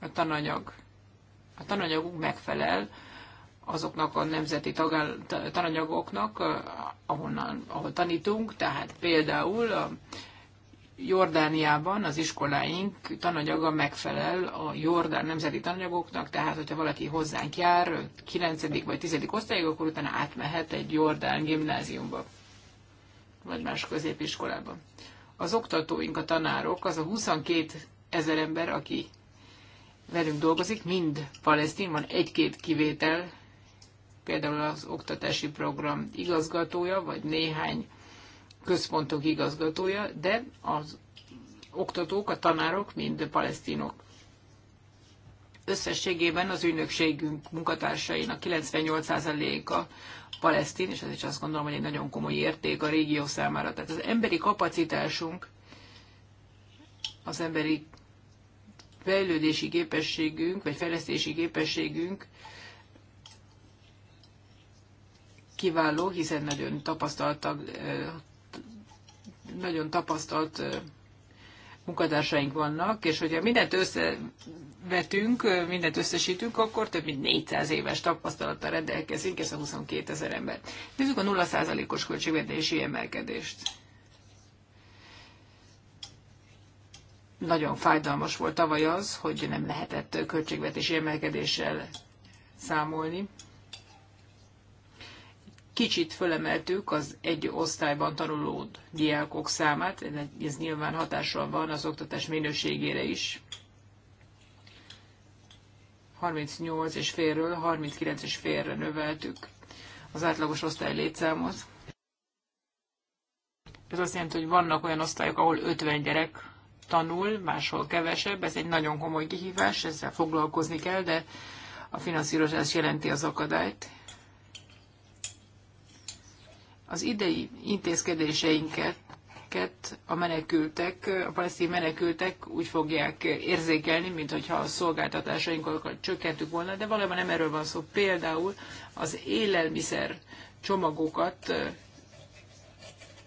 A tananyag. A tananyagunk megfelel azoknak a nemzeti tagáll, tananyagoknak, ahonnan, ahol tanítunk, tehát például a Jordániában az iskoláink tananyaga megfelel a jordán nemzeti tananyagoknak, tehát hogyha valaki hozzánk jár 9. vagy 10. osztályig, akkor utána átmehet egy jordán gimnáziumba, vagy más középiskolába. Az oktatóink, a tanárok, az a 22 ezer ember, aki velünk dolgozik, mind palesztin, van egy-két kivétel, például az oktatási program igazgatója, vagy néhány központok igazgatója, de az oktatók, a tanárok mind palesztinok. Összességében az ügynökségünk munkatársainak 98%-a palesztin, és ez is azt gondolom, hogy egy nagyon komoly érték a régió számára. Tehát az emberi kapacitásunk, az emberi fejlődési képességünk, vagy fejlesztési képességünk kiváló, hiszen nagyon tapasztaltak, nagyon tapasztalt munkatársaink vannak, és hogyha mindent összevetünk, mindent összesítünk, akkor több mint 400 éves tapasztalattal rendelkezünk, ez a 22 ezer ember. Nézzük a 0%-os költségvetési emelkedést. Nagyon fájdalmas volt tavaly az, hogy nem lehetett költségvetési emelkedéssel számolni kicsit fölemeltük az egy osztályban tanuló diákok számát, ez nyilván hatással van az oktatás minőségére is. 38 és félről 39 és félre növeltük az átlagos osztály létszámot. Ez azt jelenti, hogy vannak olyan osztályok, ahol 50 gyerek tanul, máshol kevesebb. Ez egy nagyon komoly kihívás, ezzel foglalkozni kell, de a finanszírozás jelenti az akadályt. Az idei intézkedéseinket a menekültek, a palesztin menekültek úgy fogják érzékelni, mint hogyha a szolgáltatásainkat csökkentük volna, de valójában nem erről van szó. Például az élelmiszer csomagokat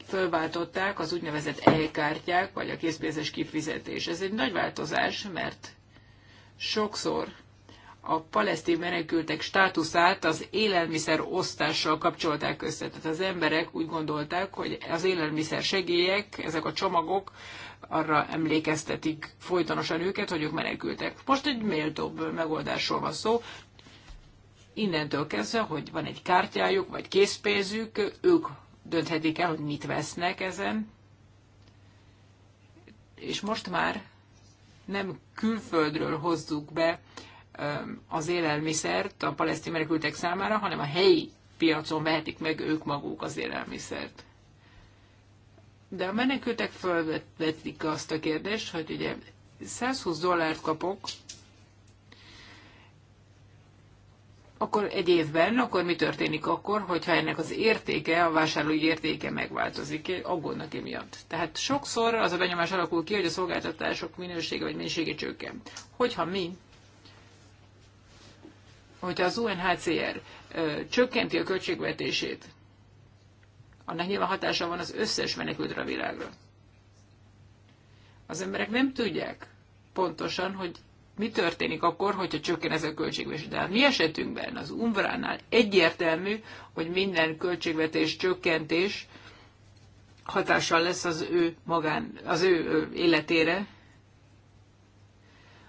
fölváltották az úgynevezett e-kártyák, vagy a készpénzes kifizetés. Ez egy nagy változás, mert sokszor a palesztin menekültek státuszát az élelmiszer osztással kapcsolták össze. Tehát az emberek úgy gondolták, hogy az élelmiszer segélyek, ezek a csomagok arra emlékeztetik folytonosan őket, hogy ők menekültek. Most egy méltóbb megoldásról van szó. Innentől kezdve, hogy van egy kártyájuk, vagy készpénzük, ők dönthetik el, hogy mit vesznek ezen. És most már nem külföldről hozzuk be az élelmiszert a palesztin menekültek számára, hanem a helyi piacon vehetik meg ők maguk az élelmiszert. De a menekültek felvetik azt a kérdést, hogy ugye 120 dollárt kapok, akkor egy évben, akkor mi történik akkor, hogyha ennek az értéke, a vásárlói értéke megváltozik, aggódnak emiatt. Tehát sokszor az a benyomás alakul ki, hogy a szolgáltatások minősége vagy mennyisége csökken. Hogyha mi hogyha az UNHCR csökkenti a költségvetését, annak nyilván hatása van az összes menekültre a világra. Az emberek nem tudják pontosan, hogy mi történik akkor, hogyha csökken ez a költségvetés. De hát mi esetünkben az umbránál egyértelmű, hogy minden költségvetés csökkentés hatással lesz az ő magán, az ő életére,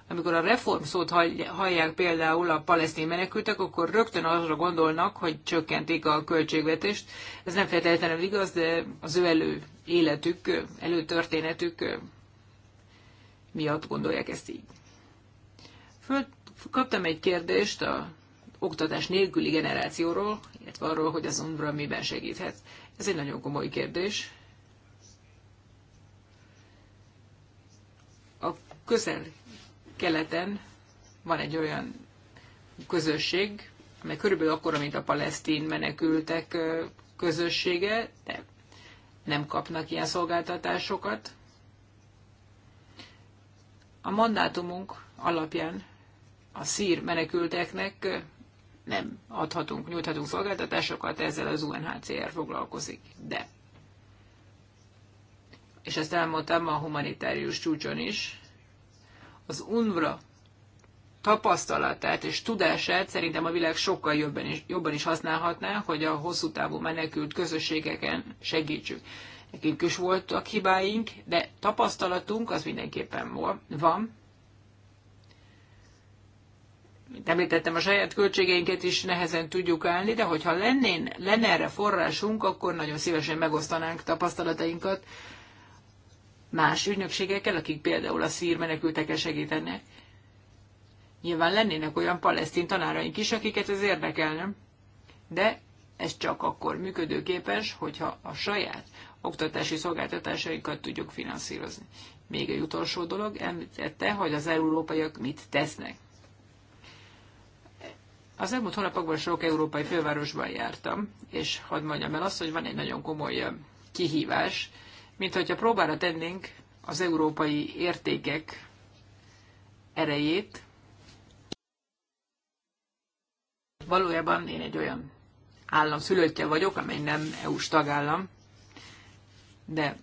amikor a reform szót hallják például a palesztin menekültek, akkor rögtön arra gondolnak, hogy csökkentik a költségvetést. Ez nem feltétlenül igaz, de az ő elő életük, előtörténetük miatt gondolják ezt így. Föl, kaptam egy kérdést a oktatás nélküli generációról, illetve arról, hogy az umbra miben segíthet. Ez egy nagyon komoly kérdés. A közel keleten van egy olyan közösség, amely körülbelül akkora, mint a palesztin menekültek közössége, de nem kapnak ilyen szolgáltatásokat. A mandátumunk alapján a szír menekülteknek nem adhatunk, nyújthatunk szolgáltatásokat, ezzel az UNHCR foglalkozik. De, és ezt elmondtam a humanitárius csúcson is, az UNVRA tapasztalatát és tudását szerintem a világ sokkal jobban is, jobban is használhatná, hogy a hosszú távú menekült közösségeken segítsük. Nekünk is voltak hibáink, de tapasztalatunk az mindenképpen van. Mint említettem, a saját költségeinket is nehezen tudjuk állni, de hogyha lennén, lenne erre forrásunk, akkor nagyon szívesen megosztanánk tapasztalatainkat más ügynökségekkel, akik például a szír menekültekkel segítenek. Nyilván lennének olyan palesztin tanáraink is, akiket ez érdekelne, de ez csak akkor működőképes, hogyha a saját oktatási szolgáltatásainkat tudjuk finanszírozni. Még egy utolsó dolog, említette, hogy az európaiak mit tesznek. Az elmúlt hónapokban sok európai fővárosban jártam, és hadd mondjam el azt, hogy van egy nagyon komoly kihívás mint hogyha próbára tennénk az európai értékek erejét. Valójában én egy olyan állam szülöttje vagyok, amely nem EU-s tagállam, de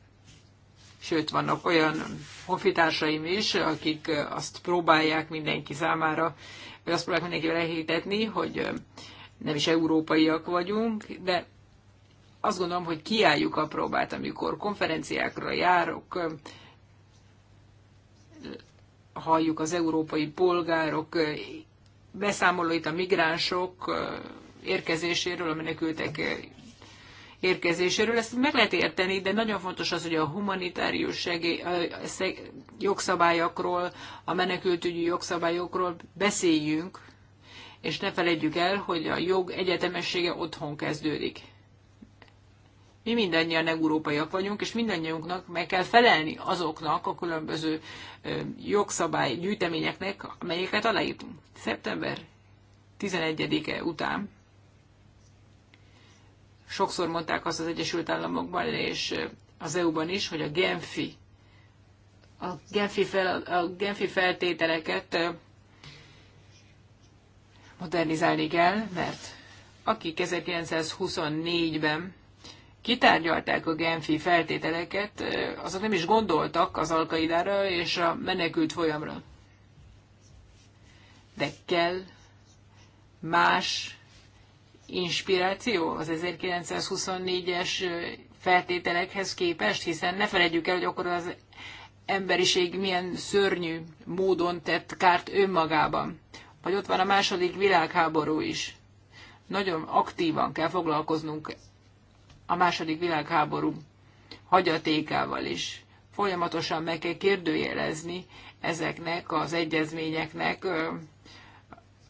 sőt, vannak olyan hofitársaim is, akik azt próbálják mindenki számára, vagy azt próbálják mindenkivel elhitetni, hogy nem is európaiak vagyunk, de azt gondolom, hogy kiálljuk a próbát, amikor konferenciákra járok, halljuk az európai polgárok beszámolóit a migránsok érkezéséről, a menekültek érkezéséről. Ezt meg lehet érteni, de nagyon fontos az, hogy a humanitárius segély, a jogszabályokról, a menekültügyi jogszabályokról beszéljünk, és ne felejtjük el, hogy a jog egyetemessége otthon kezdődik mi mindannyian európaiak vagyunk, és mindannyiunknak meg kell felelni azoknak a különböző jogszabály gyűjteményeknek, amelyeket aláírtunk. Szeptember 11-e után sokszor mondták azt az Egyesült Államokban és az EU-ban is, hogy a Genfi, a Genfi, fel, a Genfi feltételeket modernizálni kell, mert akik 1924-ben kitárgyalták a Genfi feltételeket, azok nem is gondoltak az alkaidára és a menekült folyamra. De kell más inspiráció az 1924-es feltételekhez képest, hiszen ne felejtjük el, hogy akkor az emberiség milyen szörnyű módon tett kárt önmagában. Vagy ott van a második világháború is. Nagyon aktívan kell foglalkoznunk a második világháború hagyatékával is. Folyamatosan meg kell kérdőjelezni ezeknek az egyezményeknek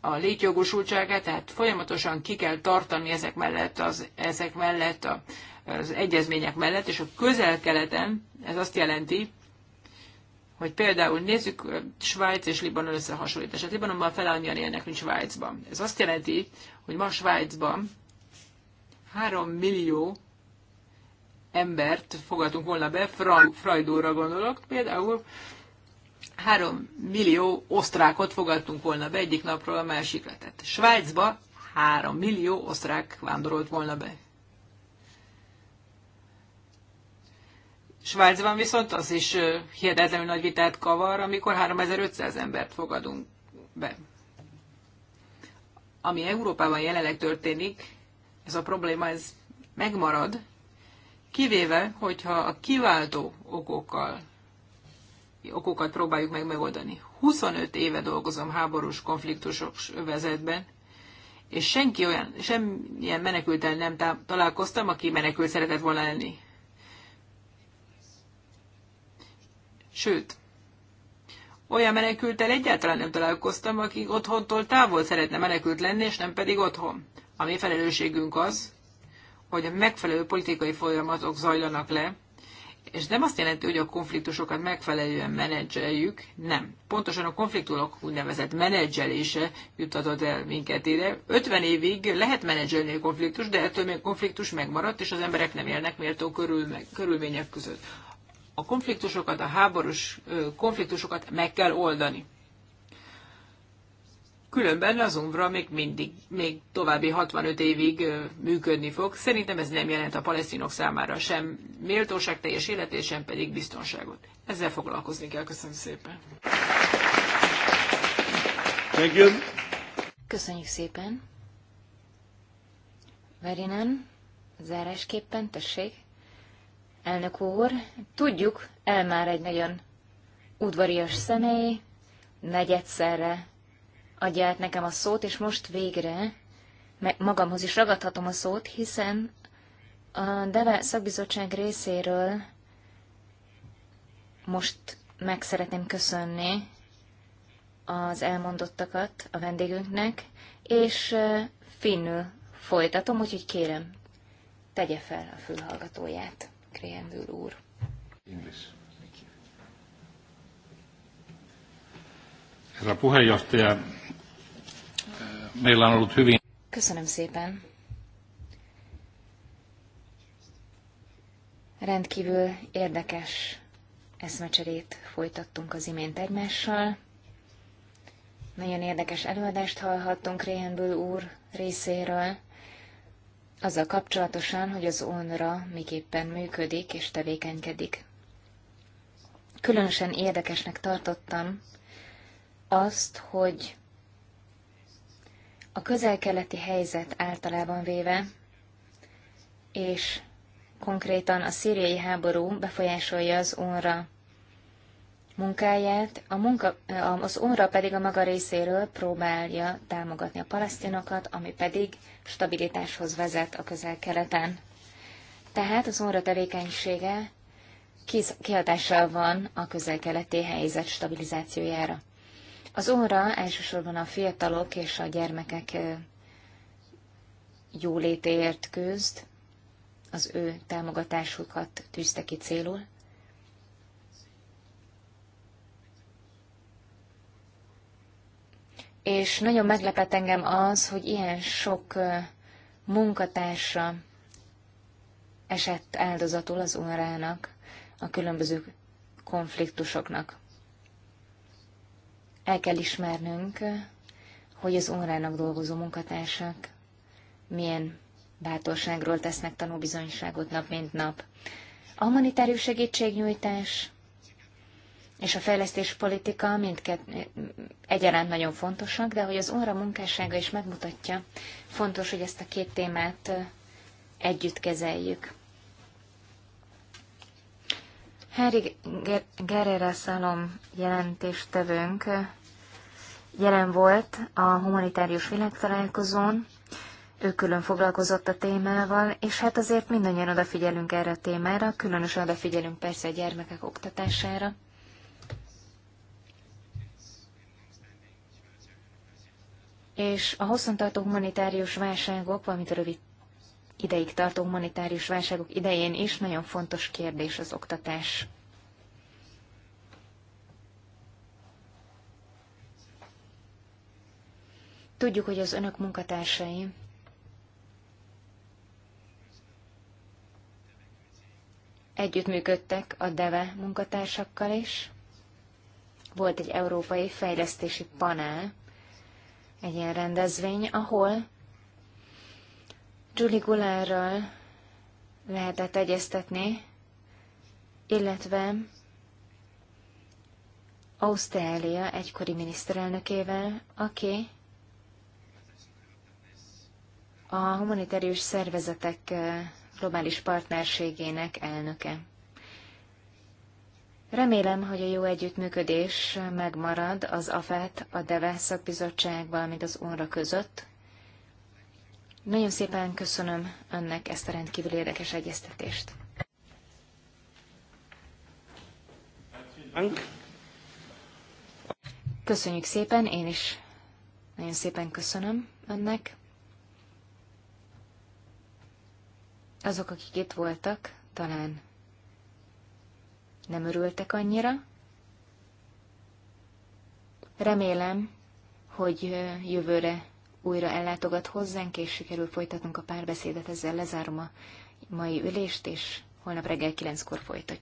a létjogosultságát, tehát folyamatosan ki kell tartani ezek mellett, az, ezek mellett a, az egyezmények mellett, és a közel-keleten ez azt jelenti, hogy például nézzük Svájc és Libanon összehasonlítását. Libanonban felannyian élnek, mint Svájcban. Ez azt jelenti, hogy ma Svájcban 3 millió embert fogadtunk volna be, Fra- Freudóra gondolok, például három millió osztrákot fogadtunk volna be egyik napról a másikra. Tehát Svájcba három millió osztrák vándorolt volna be. Svájcban viszont az is hihetetlenül nagy vitát kavar, amikor 3500 embert fogadunk be. Ami Európában jelenleg történik, ez a probléma ez megmarad, kivéve, hogyha a kiváltó okokkal, okokat próbáljuk meg megoldani. 25 éve dolgozom háborús konfliktusok vezetben, és senki olyan, semmilyen menekültel nem találkoztam, aki menekült szeretett volna lenni. Sőt, olyan menekültel egyáltalán nem találkoztam, aki otthontól távol szeretne menekült lenni, és nem pedig otthon. A mi felelősségünk az, hogy a megfelelő politikai folyamatok zajlanak le, és nem azt jelenti, hogy a konfliktusokat megfelelően menedzseljük, nem. Pontosan a konfliktusok úgynevezett menedzselése jutatott el minket ide. 50 évig lehet menedzselni a konfliktus, de ettől még konfliktus megmaradt, és az emberek nem élnek méltó körülme- körülmények között. A konfliktusokat, a háborús konfliktusokat meg kell oldani. Különben az Umbra még mindig, még további 65 évig működni fog. Szerintem ez nem jelent a palesztinok számára sem méltóság teljes életét, sem pedig biztonságot. Ezzel foglalkozni kell. Köszönöm szépen. Thank you. Köszönjük szépen. Verinen, zárásképpen, tessék. Elnök úr, tudjuk, el már egy nagyon udvarias személy, negyedszerre adja át nekem a szót, és most végre magamhoz is ragadhatom a szót, hiszen a DEVE szakbizottság részéről most meg szeretném köszönni az elmondottakat a vendégünknek, és finnül folytatom, úgyhogy kérem, tegye fel a fülhallgatóját, Kréhenbül úr. English. Herra puheenjohtaja, Meillä on ollut hyvin... Köszönöm szépen. Rendkívül érdekes eszmecserét folytattunk az imént egymással. Nagyon érdekes előadást hallhattunk Réhenből úr részéről, azzal kapcsolatosan, hogy az ONRA miképpen működik és tevékenykedik. Különösen érdekesnek tartottam azt, hogy a közel-keleti helyzet általában véve, és konkrétan a szíriai háború befolyásolja az onra munkáját, a munka, az onra pedig a maga részéről próbálja támogatni a palesztinokat, ami pedig stabilitáshoz vezet a közel-keleten. Tehát az onra tevékenysége kihatással van a közel-keleti helyzet stabilizációjára. Az óra elsősorban a fiatalok és a gyermekek jólétéért küzd, az ő támogatásukat tűzte ki célul. És nagyon meglepett engem az, hogy ilyen sok munkatársa esett áldozatul az órának, a különböző konfliktusoknak. El kell ismernünk, hogy az órának dolgozó munkatársak milyen bátorságról tesznek tanúbizonyságot nap mint nap. A humanitárius segítségnyújtás és a fejlesztéspolitika mindkett egyaránt nagyon fontosak, de hogy az óra munkássága is megmutatja, fontos, hogy ezt a két témát együtt kezeljük. Henry Guerrero Szalom jelentéstevőnk jelen volt a humanitárius világtalálkozón, ő külön foglalkozott a témával, és hát azért mindannyian odafigyelünk erre a témára, különösen odafigyelünk persze a gyermekek oktatására. És a hosszantartó humanitárius válságok, valamint a rövid ideig tartó humanitárius válságok idején is nagyon fontos kérdés az oktatás. Tudjuk, hogy az önök munkatársai együttműködtek a DEVE munkatársakkal is. Volt egy európai fejlesztési panel, egy ilyen rendezvény, ahol Julie Gulárral lehetett egyeztetni, illetve Ausztrália egykori miniszterelnökével, aki a humanitárius szervezetek globális partnerségének elnöke. Remélem, hogy a jó együttműködés megmarad az AFET, a DEVE szakbizottság, valamint az ONRA között, nagyon szépen köszönöm önnek ezt a rendkívül érdekes egyeztetést. Köszönjük szépen, én is nagyon szépen köszönöm önnek. Azok, akik itt voltak, talán nem örültek annyira. Remélem, hogy jövőre újra ellátogat hozzánk, és sikerül folytatnunk a párbeszédet, ezzel lezárom a mai ülést, és holnap reggel kilenckor folytatjuk.